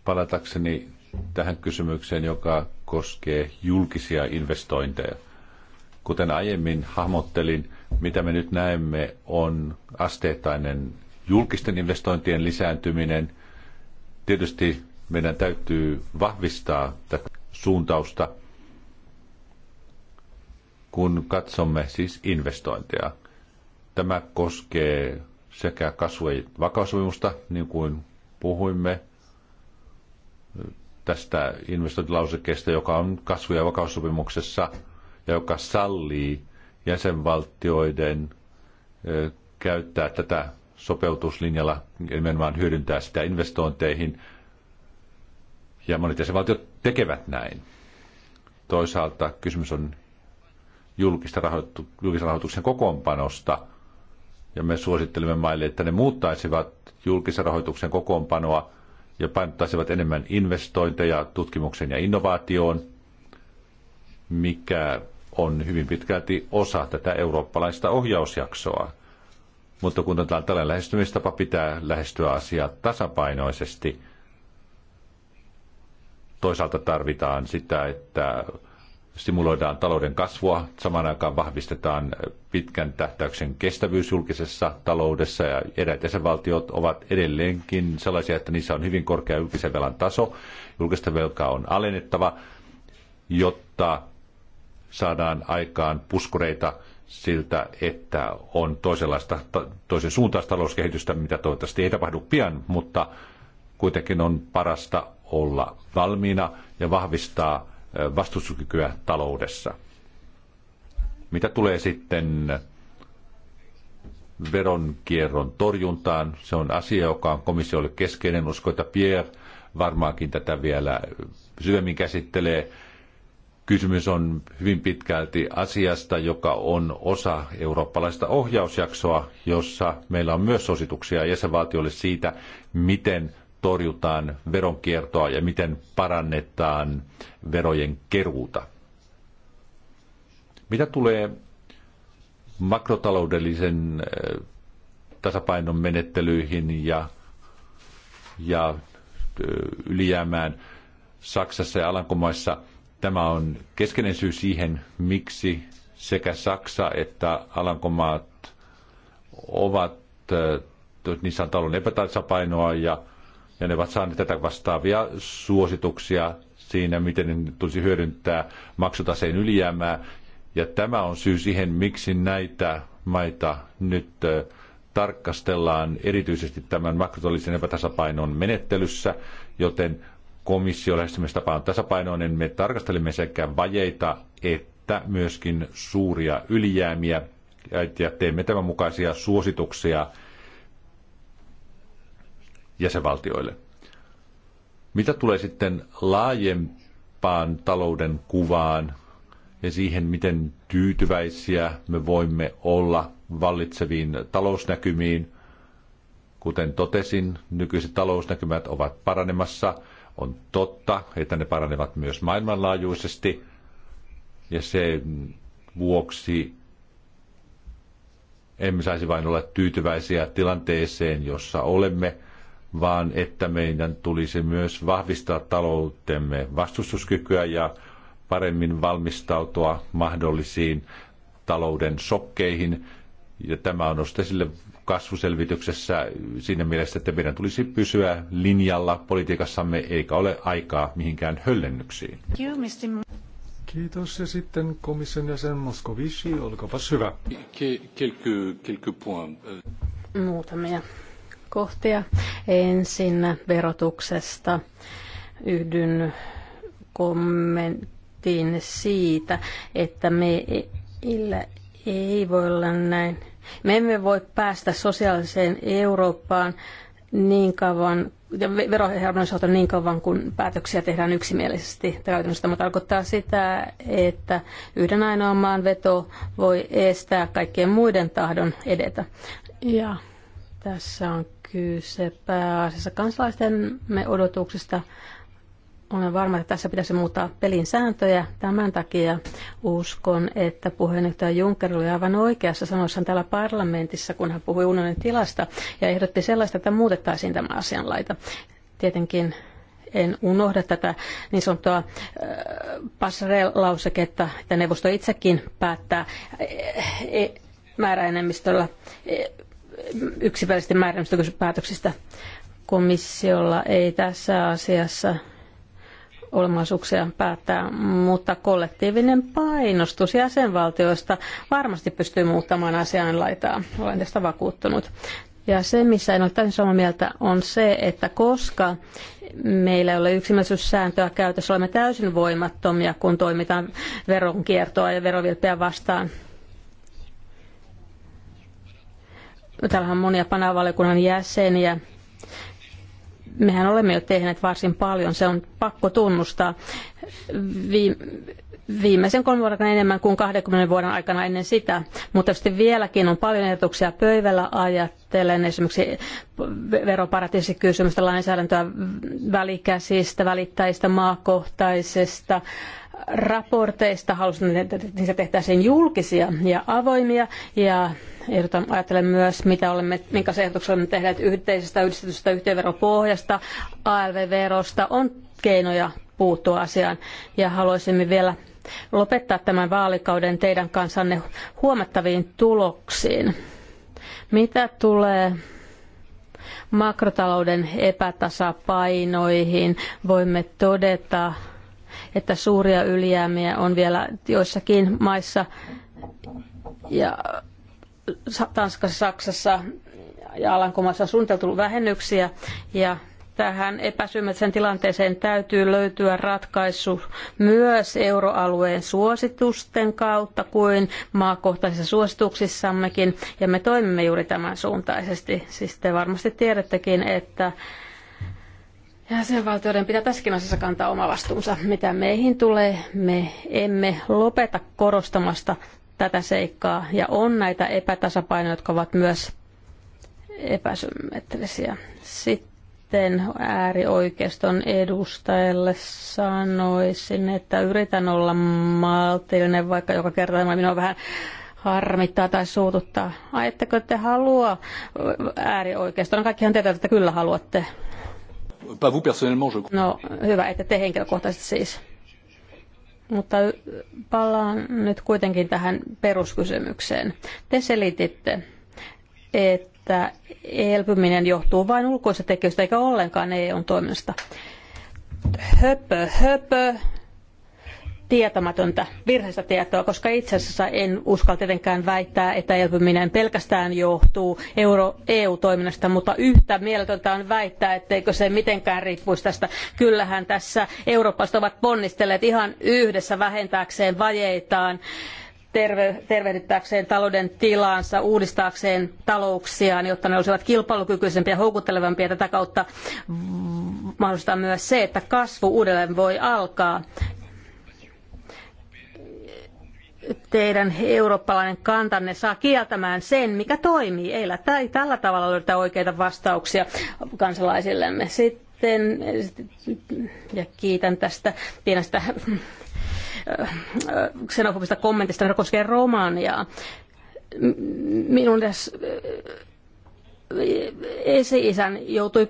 Palatakseni tähän kysymykseen, joka koskee julkisia investointeja. Kuten aiemmin hahmottelin, mitä me nyt näemme on asteittainen julkisten investointien lisääntyminen. Tietysti meidän täytyy vahvistaa tätä suuntausta, kun katsomme siis investointeja. Tämä koskee sekä kasvu- ja niin kuin puhuimme, tästä investointilausekkeesta, joka on kasvu- ja vakaussopimuksessa ja joka sallii jäsenvaltioiden käyttää tätä sopeutuslinjalla, nimenomaan hyödyntää sitä investointeihin. Ja monet jäsenvaltiot tekevät näin. Toisaalta kysymys on julkista rahoitu, julkisen rahoituksen kokoonpanosta, ja me suosittelemme maille, että ne muuttaisivat julkisen rahoituksen kokoonpanoa – ja painottaisivat enemmän investointeja tutkimukseen ja innovaatioon, mikä on hyvin pitkälti osa tätä eurooppalaista ohjausjaksoa. Mutta kun tällainen lähestymistapa pitää lähestyä asiaa tasapainoisesti, toisaalta tarvitaan sitä, että stimuloidaan talouden kasvua, samaan aikaan vahvistetaan pitkän tähtäyksen kestävyys julkisessa taloudessa ja eräät jäsenvaltiot ovat edelleenkin sellaisia, että niissä on hyvin korkea julkisen velan taso. Julkista velkaa on alennettava, jotta saadaan aikaan puskureita siltä, että on toisenlaista, toisen suuntaista talouskehitystä, mitä toivottavasti ei tapahdu pian, mutta kuitenkin on parasta olla valmiina ja vahvistaa vastustuskykyä taloudessa. Mitä tulee sitten veronkierron torjuntaan, se on asia, joka on komissiolle keskeinen. Usko, että Pierre varmaankin tätä vielä syvemmin käsittelee. Kysymys on hyvin pitkälti asiasta, joka on osa eurooppalaista ohjausjaksoa, jossa meillä on myös osituksia jäsenvaltioille siitä, miten torjutaan veronkiertoa ja miten parannetaan verojen keruuta. Mitä tulee makrotaloudellisen eh, tasapainon menettelyihin ja, ja eh, ylijäämään Saksassa ja Alankomaissa, tämä on keskeinen syy siihen, miksi sekä Saksa että Alankomaat ovat eh, niissä on talon epätasapainoa ja ja ne ovat saaneet tätä vastaavia suosituksia siinä, miten tulisi hyödyntää maksutaseen ylijäämää. Ja tämä on syy siihen, miksi näitä maita nyt tarkastellaan erityisesti tämän makrotaloudellisen epätasapainon menettelyssä, joten komissio lähestymistä on tasapainoinen. Me tarkastelemme sekä vajeita että myöskin suuria ylijäämiä ja teemme tämän mukaisia suosituksia jäsenvaltioille. Mitä tulee sitten laajempaan talouden kuvaan ja siihen, miten tyytyväisiä me voimme olla vallitseviin talousnäkymiin, kuten totesin, nykyiset talousnäkymät ovat paranemassa. On totta, että ne paranevat myös maailmanlaajuisesti. Ja sen vuoksi emme saisi vain olla tyytyväisiä tilanteeseen, jossa olemme – vaan että meidän tulisi myös vahvistaa taloutemme vastustuskykyä ja paremmin valmistautua mahdollisiin talouden sokkeihin. Ja tämä on nostettu sille kasvuselvityksessä siinä mielessä, että meidän tulisi pysyä linjalla politiikassamme eikä ole aikaa mihinkään höllennyksiin. Kiitos. Ja sitten komission jäsen Moskovici, olkapas hyvä. Muutamia kohtia. Ensin verotuksesta yhdyn kommenttiin siitä, että meillä ei voi olla näin. Me emme voi päästä sosiaaliseen Eurooppaan niin kauan, ja osalta niin kauan, kun päätöksiä tehdään yksimielisesti. Käytännössä tämä tarkoittaa sitä, että yhden ainoan maan veto voi estää kaikkien muiden tahdon edetä. Ja tässä on kyse pääasiassa kansalaistemme odotuksista. Olen varma, että tässä pitäisi muuttaa pelin sääntöjä. Tämän takia uskon, että puheenjohtaja Juncker oli aivan oikeassa sanoissaan täällä parlamentissa, kun hän puhui unionin tilasta ja ehdotti sellaista, että muutettaisiin tämä asianlaita. Tietenkin en unohda tätä niin sanottua äh, passerelauseketta, että neuvosto itsekin päättää äh, e, määräenemmistöllä e, yksipäisesti määrämistä päätöksistä. Komissiolla ei tässä asiassa ole mahdollisuuksia päättää, mutta kollektiivinen painostus jäsenvaltioista varmasti pystyy muuttamaan asian laitaa. Olen tästä vakuuttunut. Ja se, missä en ole täysin samaa mieltä, on se, että koska meillä ei ole yksimielisyyssääntöä käytössä, olemme täysin voimattomia, kun toimitaan veronkiertoa ja verovilpeä vastaan. Täällä on monia panavaliokunnan jäseniä. Mehän olemme jo tehneet varsin paljon, se on pakko tunnustaa. viimeisen kolmen vuoden enemmän kuin 20 vuoden aikana ennen sitä, mutta tietysti vieläkin on paljon ehdotuksia pöydällä ajattelen esimerkiksi veroparatiisikysymystä, lainsäädäntöä välikäsistä, välittäjistä, maakohtaisesta raporteista, halusin, että niistä tehtäisiin julkisia ja avoimia. Ja ehdotan, ajattelen myös, mitä olemme, minkä ehdotuksia olemme tehneet yhteisestä yhdistetystä yhteenveropohjasta, ALV-verosta, on keinoja puuttua asiaan. Ja haluaisimme vielä lopettaa tämän vaalikauden teidän kansanne huomattaviin tuloksiin. Mitä tulee makrotalouden epätasapainoihin, voimme todeta, että suuria ylijäämiä on vielä joissakin maissa ja Tanskassa, Saksassa ja Alankomaissa on suunniteltu vähennyksiä ja tähän epäsymmetriseen tilanteeseen täytyy löytyä ratkaisu myös euroalueen suositusten kautta kuin maakohtaisissa suosituksissammekin, ja me toimimme juuri tämän suuntaisesti. Siis te varmasti tiedättekin, että Jäsenvaltioiden pitää tässäkin asiassa kantaa oma vastuunsa. Mitä meihin tulee, me emme lopeta korostamasta tätä seikkaa. Ja on näitä epätasapainoja, jotka ovat myös epäsymmetrisiä. Sitten äärioikeiston edustajalle sanoisin, että yritän olla maltillinen, vaikka joka kerta minua vähän harmittaa tai suututtaa. Ajatteko te halua äärioikeiston? Kaikkihan tietävät, että kyllä haluatte Pas vous personnellement, je... No, hyvä, että te henkilökohtaisesti siis. Mutta palaan nyt kuitenkin tähän peruskysymykseen. Te selititte, että elpyminen johtuu vain ulkoisista tekijöistä eikä ollenkaan eu toiminnasta. Höpö, höpö, tietämätöntä, virheistä tietoa, koska itse asiassa en uskalla tietenkään väittää, että elpyminen pelkästään johtuu euro, EU-toiminnasta, mutta yhtä mieletöntä on väittää, etteikö se mitenkään riippuisi tästä. Kyllähän tässä eurooppalaiset ovat ponnistelleet ihan yhdessä vähentääkseen vajeitaan terve, tervehdyttääkseen talouden tilaansa, uudistaakseen talouksiaan, jotta ne olisivat kilpailukykyisempiä ja houkuttelevampia. Tätä kautta mahdollistaa myös se, että kasvu uudelleen voi alkaa teidän eurooppalainen kantanne saa kieltämään sen, mikä toimii. Ei tai tällä tavalla löydetä oikeita vastauksia kansalaisillemme. Sitten, ja kiitän tästä pienestä äh, äh, xenofobista kommentista, joka koskee Romaniaa. Minun äh, esi-isän joutui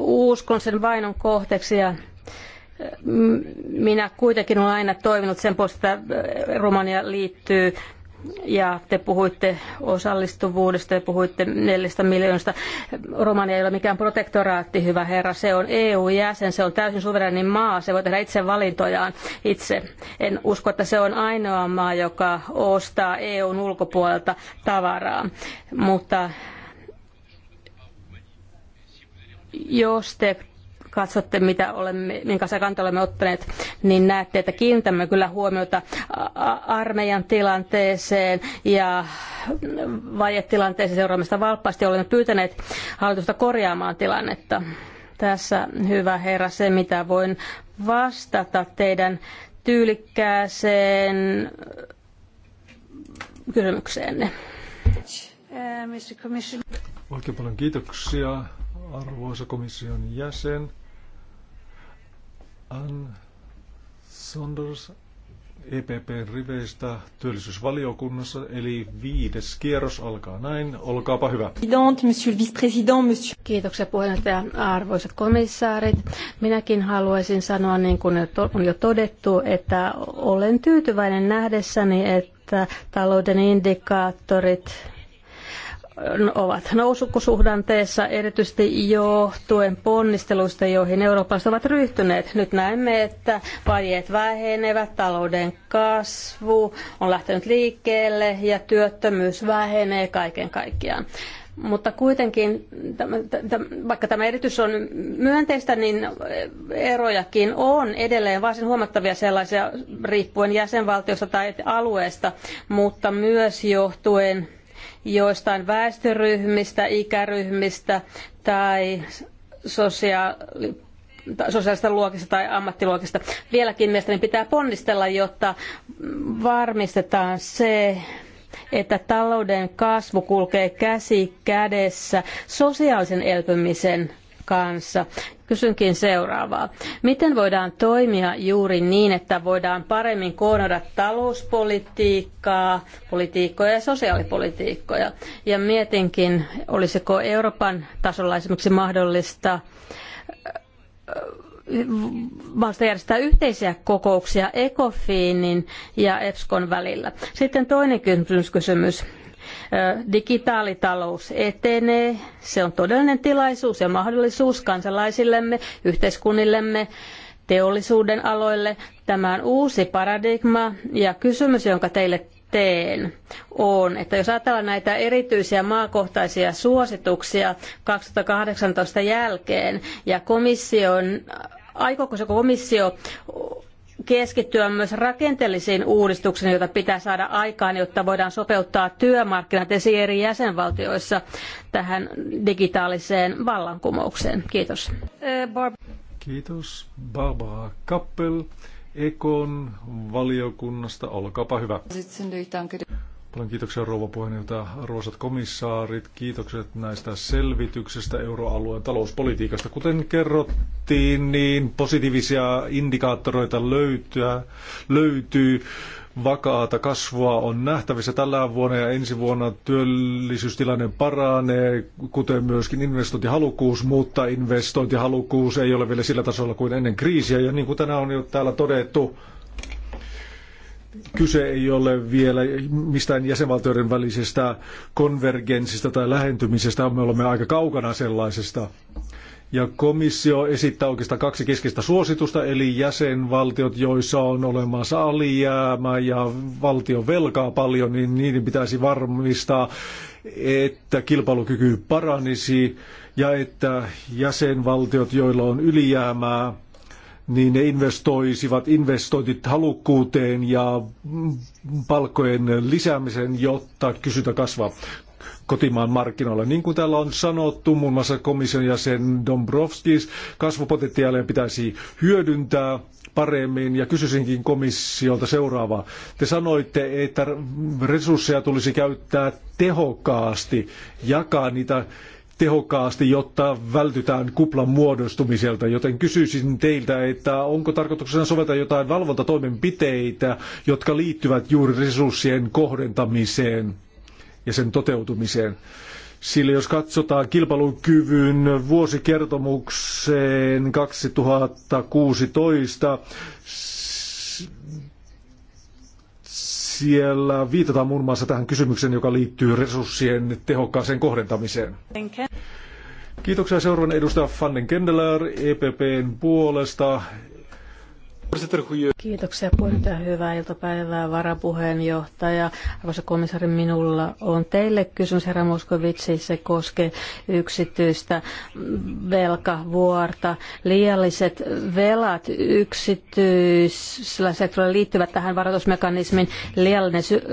uskon sen vainon kohteeksi ja minä kuitenkin olen aina toiminut sen puolesta, että Romania liittyy ja te puhuitte osallistuvuudesta ja puhuitte neljästä miljoonasta. Romania ei ole mikään protektoraatti, hyvä herra. Se on EU-jäsen, se on täysin suvereni maa, se voi tehdä itse valintojaan itse. En usko, että se on ainoa maa, joka ostaa EUn ulkopuolelta tavaraa, mutta jos te katsotte, mitä olemme, se kanta olemme ottaneet, niin näette, että kiinnitämme kyllä huomiota armeijan tilanteeseen ja vajetilanteeseen seuraamista valppaasti. Olemme pyytäneet hallitusta korjaamaan tilannetta. Tässä, hyvä herra, se mitä voin vastata teidän tyylikkääseen kysymykseenne. Eh, Oikein paljon kiitoksia, arvoisa komission jäsen. Ann Saunders EPPn riveistä työllisyysvaliokunnassa, eli viides kierros alkaa näin. Olkaapa hyvä. Kiitoksia puheenjohtaja, arvoisat komissaarit. Minäkin haluaisin sanoa, niin kuin on jo todettu, että olen tyytyväinen nähdessäni, että talouden indikaattorit ovat nousukusuhdanteessa erityisesti johtuen ponnisteluista, joihin Euroopassa ovat ryhtyneet. Nyt näemme, että vajeet vähenevät, talouden kasvu on lähtenyt liikkeelle ja työttömyys vähenee kaiken kaikkiaan. Mutta kuitenkin, vaikka tämä eritys on myönteistä, niin erojakin on edelleen varsin huomattavia sellaisia riippuen jäsenvaltiosta tai alueesta, mutta myös johtuen joistain väestöryhmistä, ikäryhmistä tai sosiaali- sosiaalista luokista tai ammattiluokista. Vieläkin mielestäni pitää ponnistella, jotta varmistetaan se, että talouden kasvu kulkee käsi kädessä sosiaalisen elpymisen kanssa. Kysynkin seuraavaa. Miten voidaan toimia juuri niin, että voidaan paremmin koordinoida talouspolitiikkaa, politiikkoja ja sosiaalipolitiikkoja? Ja mietinkin, olisiko Euroopan tasolla esimerkiksi mahdollista äh, mahdollista järjestää yhteisiä kokouksia ECOFINin ja EPSCON välillä. Sitten toinen kysymys digitaalitalous etenee. Se on todellinen tilaisuus ja mahdollisuus kansalaisillemme, yhteiskunnillemme, teollisuuden aloille. Tämä on uusi paradigma ja kysymys, jonka teille teen, on, että jos ajatellaan näitä erityisiä maakohtaisia suosituksia 2018 jälkeen ja komission aikooko se komissio keskittyä myös rakenteellisiin uudistuksiin, joita pitää saada aikaan, jotta voidaan sopeuttaa työmarkkinat esi eri jäsenvaltioissa tähän digitaaliseen vallankumoukseen. Kiitos. Kiitos Barbara Kappel Ekon valiokunnasta. Olkaapa hyvä. Paljon kiitoksia rouva puheenjohtaja. Arvoisat komissaarit, kiitokset näistä selvityksestä euroalueen talouspolitiikasta. Kuten kerrottiin, niin positiivisia indikaattoreita löytyä, löytyy. Vakaata kasvua on nähtävissä tällä vuonna ja ensi vuonna työllisyystilanne paranee, kuten myöskin investointihalukkuus, mutta investointihalukkuus ei ole vielä sillä tasolla kuin ennen kriisiä. Ja niin kuin tänään on jo täällä todettu, kyse ei ole vielä mistään jäsenvaltioiden välisestä konvergenssista tai lähentymisestä, me olemme aika kaukana sellaisesta. Ja komissio esittää oikeastaan kaksi keskeistä suositusta, eli jäsenvaltiot, joissa on olemassa alijäämä ja valtio velkaa paljon, niin niiden pitäisi varmistaa, että kilpailukyky paranisi ja että jäsenvaltiot, joilla on ylijäämää, niin ne investoisivat investoitit halukkuuteen ja palkkojen lisäämisen, jotta kysyntä kasvaa kotimaan markkinoilla. Niin kuin täällä on sanottu, muun muassa komission jäsen Dombrovskis, kasvupotentiaalia pitäisi hyödyntää paremmin ja kysyisinkin komissiolta seuraavaa. Te sanoitte, että resursseja tulisi käyttää tehokkaasti, jakaa niitä tehokkaasti, jotta vältytään kuplan muodostumiselta. Joten kysyisin teiltä, että onko tarkoituksena soveltaa jotain valvontatoimenpiteitä, jotka liittyvät juuri resurssien kohdentamiseen ja sen toteutumiseen. Sillä jos katsotaan kilpailukyvyn vuosikertomukseen 2016, siellä viitataan muun muassa tähän kysymykseen, joka liittyy resurssien tehokkaaseen kohdentamiseen. Kiitoksia seuraavan edustaja Fannen Kendeler EPPn puolesta Kiitoksia puheenjohtaja. Hyvää iltapäivää varapuheenjohtaja. Arvoisa komissaari, minulla on teille kysymys, herra Moskovitsi. Se koskee yksityistä velkavuorta. Liialliset velat yksityisellä sektorilla liittyvät tähän varoitusmekanismin. Liialliset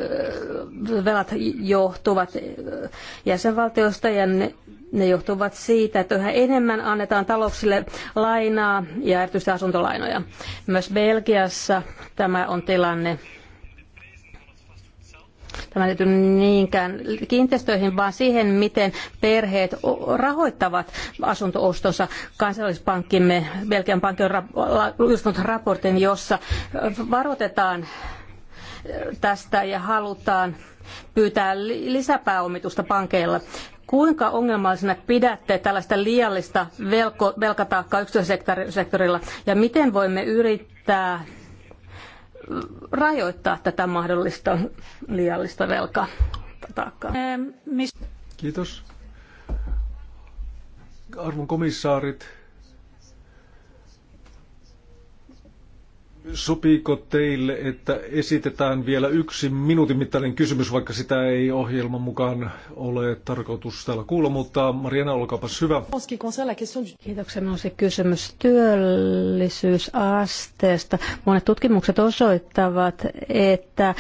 velat johtuvat jäsenvaltioista ja ne ne johtuvat siitä, että yhä enemmän annetaan talouksille lainaa ja erityisesti asuntolainoja. Myös Belgiassa tämä on tilanne. Tämä ei liity niinkään kiinteistöihin, vaan siihen, miten perheet rahoittavat asuntoostonsa. Kansallispankkimme, Belgian pankki on julkistanut raportin, jossa varoitetaan tästä ja halutaan pyytää lisäpääomitusta pankeilla. Kuinka ongelmallisena pidätte tällaista liiallista velko, velkataakkaa yksityissektorilla ja miten voimme yrittää rajoittaa tätä mahdollista liiallista velkataakkaa? Ähm, Kiitos. Arvon komissaarit, Sopiiko teille, että esitetään vielä yksi minuutin mittainen kysymys, vaikka sitä ei ohjelman mukaan ole tarkoitus täällä kuulla, mutta Mariana, olkaapas hyvä. Kiitoksia. Minulla on se kysymys työllisyysasteesta. Monet tutkimukset osoittavat, että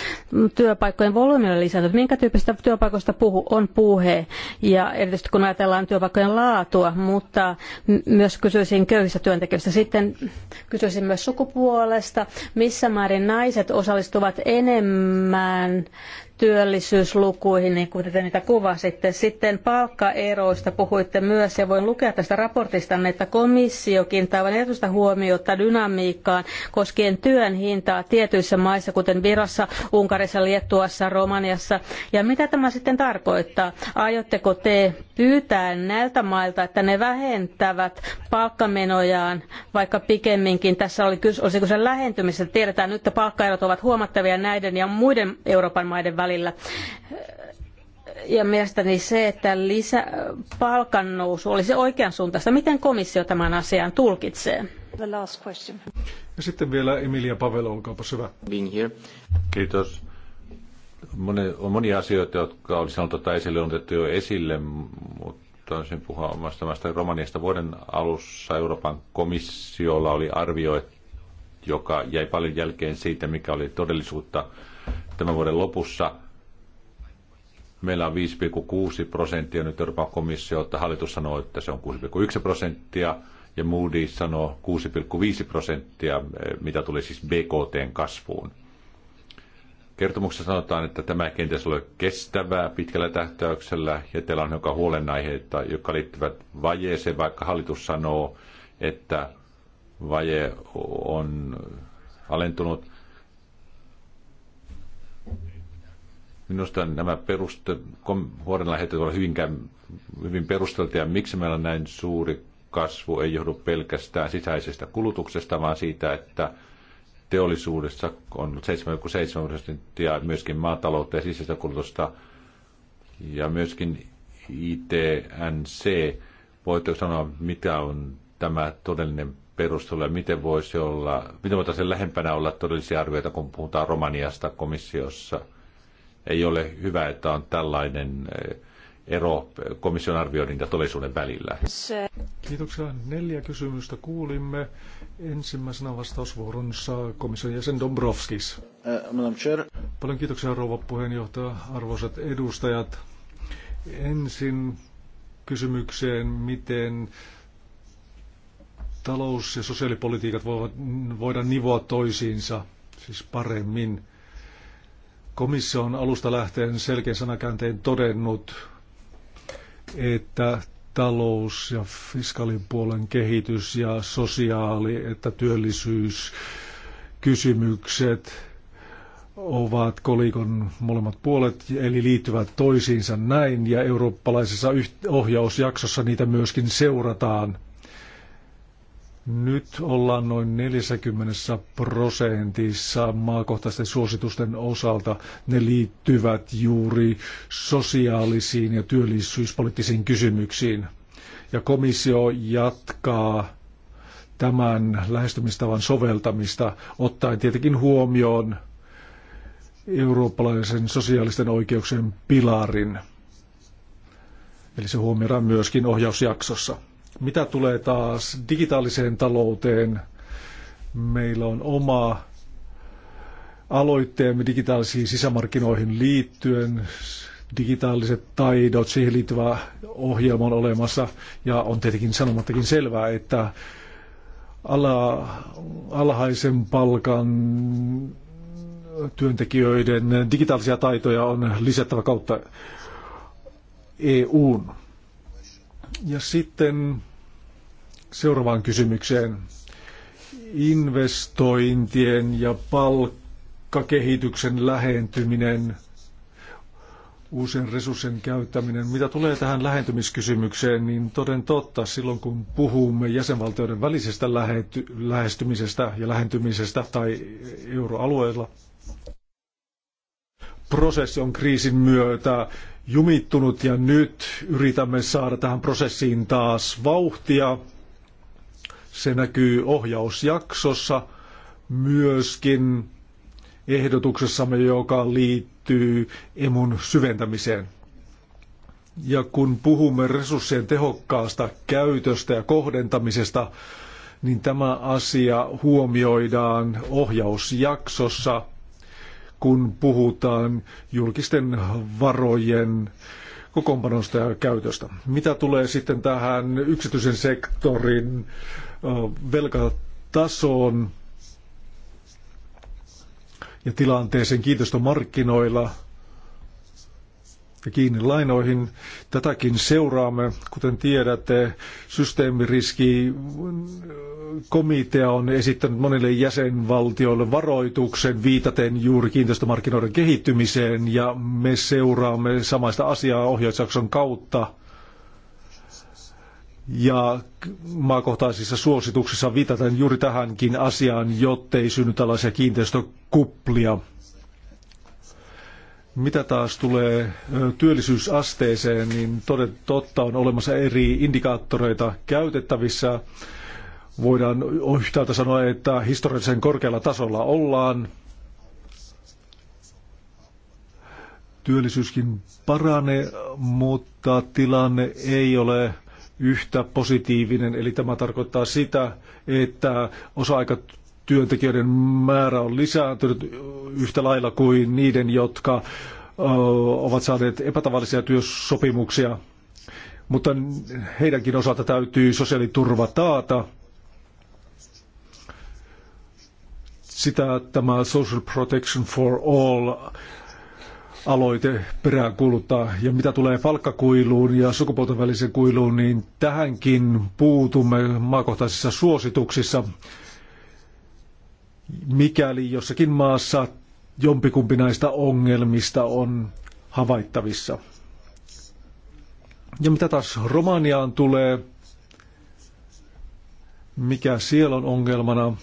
työpaikkojen volyymi on lisääntynyt. Minkä tyyppistä työpaikoista puhu, on puhe, ja erityisesti kun ajatellaan työpaikkojen laatua, mutta myös kysyisin köyhistä työntekijöistä. Sitten kysyisin myös sukupuolesta missä määrin naiset osallistuvat enemmän työllisyyslukuihin, niin kuin te niitä kuvasitte. Sitten palkkaeroista puhuitte myös, ja voin lukea tästä raportista, että komissio kiinnittää aivan erityistä huomiota dynamiikkaan koskien työn hintaa tietyissä maissa, kuten Virassa, Unkarissa, Liettuassa, Romaniassa. Ja mitä tämä sitten tarkoittaa? Aiotteko te pyytää näiltä mailta, että ne vähentävät palkkamenojaan, vaikka pikemminkin tässä oli, olisiko se lähentymistä? Tiedetään nyt, että palkkaerot ovat huomattavia näiden ja muiden Euroopan maiden välillä välillä. Ja mielestäni se, että lisä, palkannousu olisi oikean suuntaista. Miten komissio tämän asian tulkitsee? Ja sitten vielä Emilia Pavel olkaapa hyvä. Being here. Kiitos. Moni, on monia asioita, jotka olisi sanottu tai esille on otettu jo esille, mutta olisin puhua omasta maasta Romaniasta. Vuoden alussa Euroopan komissiolla oli arvio, joka jäi paljon jälkeen siitä, mikä oli todellisuutta tämän vuoden lopussa. Meillä on 5,6 prosenttia nyt Euroopan että Hallitus sanoo, että se on 6,1 prosenttia ja Moody's sanoo 6,5 prosenttia, eh, mitä tulee siis BKTn kasvuun. Kertomuksessa sanotaan, että tämä ei kenties ole kestävää pitkällä tähtäyksellä ja teillä on joka huolenaiheita, jotka liittyvät vajeeseen, vaikka hallitus sanoo, että vaje on alentunut. Minusta nämä peruste, huolenaiheet ovat hyvinkään, hyvin perusteltuja. Miksi meillä on näin suuri kasvu ei johdu pelkästään sisäisestä kulutuksesta, vaan siitä, että teollisuudessa on 7,7 prosenttia myöskin maataloutta ja sisäistä kulutusta ja myöskin ITNC. Voitteko sanoa, mitä on tämä todellinen perustelu ja miten voisi olla, miten voitaisiin lähempänä olla todellisia arvioita, kun puhutaan Romaniasta komissiossa – ei ole hyvä, että on tällainen eh, ero komission arvioinnin ja todellisuuden välillä. Kiitoksia. Neljä kysymystä kuulimme. Ensimmäisenä vastausvuoron saa komission jäsen Dombrovskis. Eh, Paljon kiitoksia rouva puheenjohtaja, arvoisat edustajat. Ensin kysymykseen, miten talous- ja sosiaalipolitiikat voivat, voidaan nivoa toisiinsa, siis paremmin. Komissio on alusta lähtien selkeän sanakäänteen todennut, että talous- ja fiskaalipuolen kehitys ja sosiaali- että työllisyyskysymykset ovat kolikon molemmat puolet, eli liittyvät toisiinsa näin, ja eurooppalaisessa ohjausjaksossa niitä myöskin seurataan – nyt ollaan noin 40 prosentissa maakohtaisten suositusten osalta. Ne liittyvät juuri sosiaalisiin ja työllisyyspoliittisiin kysymyksiin. Ja komissio jatkaa tämän lähestymistavan soveltamista, ottaen tietenkin huomioon eurooppalaisen sosiaalisten oikeuksien pilarin. Eli se huomioidaan myöskin ohjausjaksossa. Mitä tulee taas digitaaliseen talouteen, meillä on oma aloitteemme digitaalisiin sisämarkkinoihin liittyen, digitaaliset taidot, siihen liittyvä ohjelma on olemassa ja on tietenkin sanomattakin selvää, että ala, alhaisen palkan työntekijöiden digitaalisia taitoja on lisättävä kautta EUn. Ja sitten seuraavaan kysymykseen. Investointien ja palkkakehityksen lähentyminen, uusien resurssien käyttäminen. Mitä tulee tähän lähentymiskysymykseen, niin toden totta, silloin kun puhumme jäsenvaltioiden välisestä lähestymisestä ja lähentymisestä tai euroalueella, prosessi on kriisin myötä jumittunut ja nyt yritämme saada tähän prosessiin taas vauhtia se näkyy ohjausjaksossa, myöskin ehdotuksessamme, joka liittyy emun syventämiseen. Ja kun puhumme resurssien tehokkaasta käytöstä ja kohdentamisesta, niin tämä asia huomioidaan ohjausjaksossa, kun puhutaan julkisten varojen kokoonpanosta ja käytöstä. Mitä tulee sitten tähän yksityisen sektorin äh, velkatasoon ja tilanteeseen kiinteistömarkkinoilla ja kiinni lainoihin. Tätäkin seuraamme. Kuten tiedätte, systeemiriski komitea on esittänyt monille jäsenvaltioille varoituksen viitaten juuri kiinteistömarkkinoiden kehittymiseen ja me seuraamme samaista asiaa ohjausjakson kautta ja maakohtaisissa suosituksissa viitataan juuri tähänkin asiaan, jottei synny tällaisia kiinteistökuplia. Mitä taas tulee työllisyysasteeseen, niin toden totta on olemassa eri indikaattoreita käytettävissä. Voidaan yhtäältä sanoa, että historiallisen korkealla tasolla ollaan. Työllisyyskin paranee, mutta tilanne ei ole yhtä positiivinen. Eli tämä tarkoittaa sitä, että osa-aika työntekijöiden määrä on lisääntynyt yhtä lailla kuin niiden, jotka ovat saaneet epätavallisia työsopimuksia. Mutta heidänkin osalta täytyy sosiaaliturva taata. Sitä tämä Social Protection for All aloite peräänkuuluttaa. Ja mitä tulee palkkakuiluun ja sukupuolten väliseen kuiluun, niin tähänkin puutumme maakohtaisissa suosituksissa. Mikäli jossakin maassa jompikumpi näistä ongelmista on havaittavissa. Ja mitä taas Romaniaan tulee, mikä siellä on ongelmana,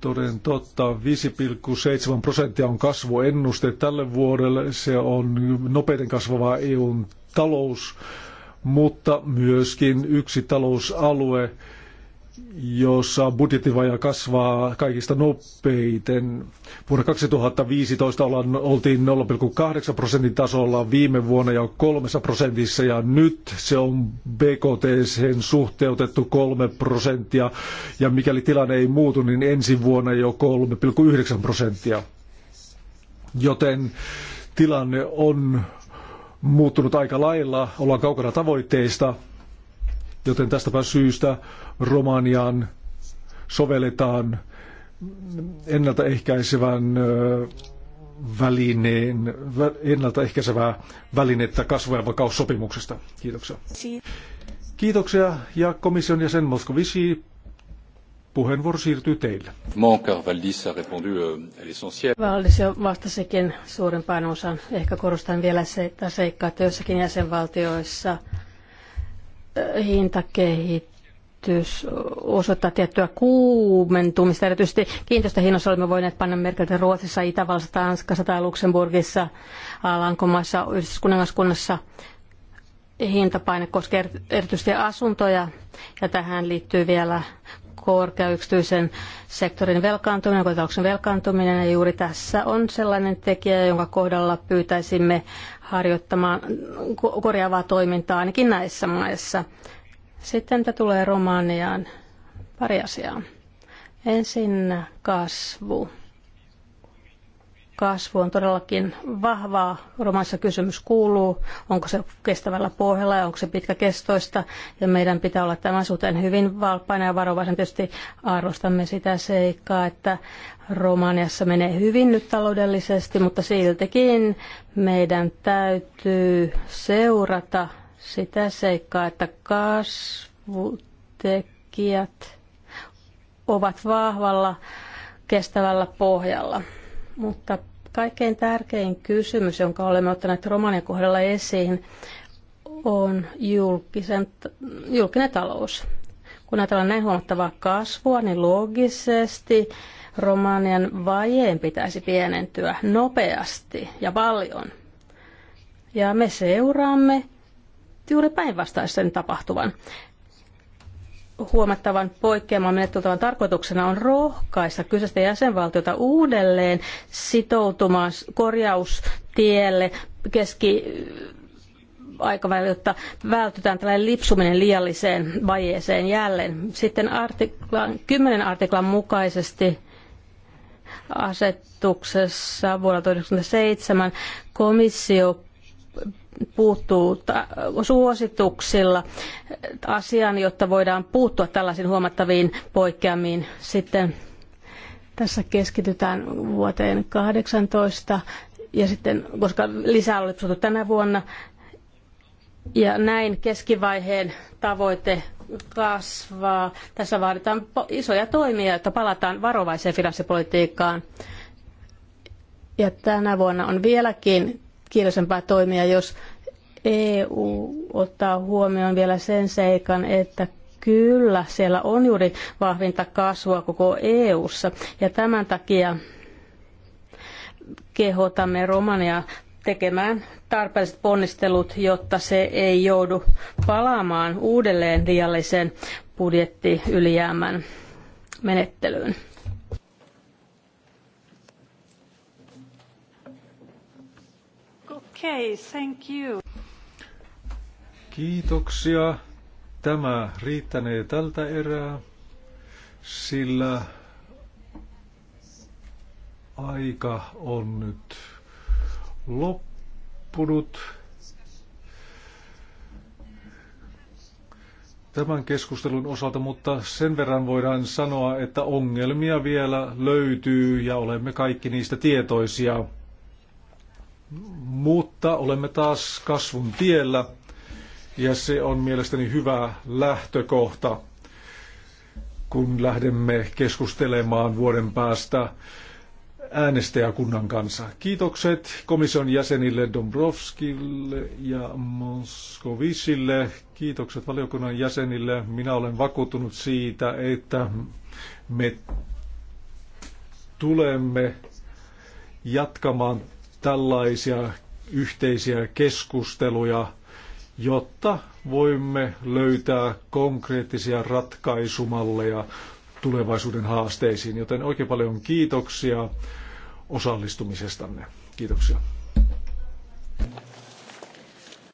toden totta 5,7 prosenttia on kasvuennuste tälle vuodelle. Se on nopeiten kasvava EUn talous, mutta myöskin yksi talousalue, jossa budjettivaja kasvaa kaikista nopeiten. Vuonna 2015 ollaan, oltiin 0,8 prosentin tasolla, viime vuonna jo 3 prosentissa ja nyt se on BKT suhteutettu 3 prosenttia ja mikäli tilanne ei muutu, niin ensi vuonna jo 3,9 prosenttia. Joten tilanne on muuttunut aika lailla, ollaan kaukana tavoitteista, joten tästäpä syystä Romaniaan sovelletaan ennaltaehkäisevän välineen, ennaltaehkäisevää välinettä kasvu- ja vakaussopimuksesta. Kiitoksia. Kiitoksia ja komission jäsen Moscovici, puheenvuoro siirtyy teille. Euh, Valdis jo vastasikin suurimpaan osan. Ehkä korostan vielä se, että seikkaa, että jossakin jäsenvaltioissa hintakehitys kehitys osoittaa tiettyä kuumentumista. Erityisesti kiinteistöhinnoissa olemme voineet panna merkiltä Ruotsissa, Itävallassa, Tanskassa tai Luxemburgissa, Alankomaissa, yhdistyskuningaskunnassa hintapaine koskee erityisesti asuntoja ja tähän liittyy vielä korkea yksityisen sektorin velkaantuminen, kotitalouksen velkaantuminen ja juuri tässä on sellainen tekijä, jonka kohdalla pyytäisimme harjoittamaan korjaavaa toimintaa ainakin näissä maissa. Sitten tämä tulee Romaniaan, pari asiaa. Ensin kasvu. Kasvu on todellakin vahvaa. Romanissa kysymys kuuluu, onko se kestävällä pohjalla ja onko se pitkäkestoista. Ja meidän pitää olla tämän suhteen hyvin valppaina ja varovaisen. Tietysti arvostamme sitä seikkaa, että Romaniassa menee hyvin nyt taloudellisesti, mutta siltikin meidän täytyy seurata sitä seikkaa, että kasvutekijät ovat vahvalla kestävällä pohjalla. Mutta kaikkein tärkein kysymys, jonka olemme ottaneet Romanian kohdalla esiin, on julkisen, julkinen talous. Kun ajatellaan näin huomattavaa kasvua, niin loogisesti Romanian vajeen pitäisi pienentyä nopeasti ja paljon. Ja me seuraamme juuri päinvastaisen tapahtuvan. Huomattavan poikkeaman menettelytavan tarkoituksena on rohkaista kyseistä jäsenvaltiota uudelleen sitoutumaan korjaustielle keski aikavälillä, jotta vältytään tällainen lipsuminen liialliseen vajeeseen jälleen. Sitten artiklan, 10 artiklan mukaisesti asetuksessa vuonna 1997 komissio puuttuu suosituksilla asiaan, jotta voidaan puuttua tällaisiin huomattaviin poikkeamiin. Sitten tässä keskitytään vuoteen 18 ja sitten, koska lisää oli tänä vuonna, ja näin keskivaiheen tavoite kasvaa. Tässä vaaditaan isoja toimia, jotta palataan varovaiseen finanssipolitiikkaan. Ja tänä vuonna on vieläkin kiireisempää toimia, jos EU ottaa huomioon vielä sen seikan, että kyllä siellä on juuri vahvinta kasvua koko EU:ssa ja tämän takia kehotamme Romania tekemään tarpeelliset ponnistelut, jotta se ei joudu palaamaan uudelleen liiallisen budjettiylijäämän menettelyyn. Okay, thank you. Kiitoksia. Tämä riittänee tältä erää, sillä aika on nyt loppunut. tämän keskustelun osalta, mutta sen verran voidaan sanoa, että ongelmia vielä löytyy ja olemme kaikki niistä tietoisia mutta olemme taas kasvun tiellä ja se on mielestäni hyvä lähtökohta, kun lähdemme keskustelemaan vuoden päästä äänestäjäkunnan kanssa. Kiitokset komission jäsenille Dombrovskille ja Moskovisille. Kiitokset valiokunnan jäsenille. Minä olen vakuuttunut siitä, että me tulemme jatkamaan tällaisia yhteisiä keskusteluja, jotta voimme löytää konkreettisia ratkaisumalleja tulevaisuuden haasteisiin. Joten oikein paljon kiitoksia osallistumisestanne. Kiitoksia.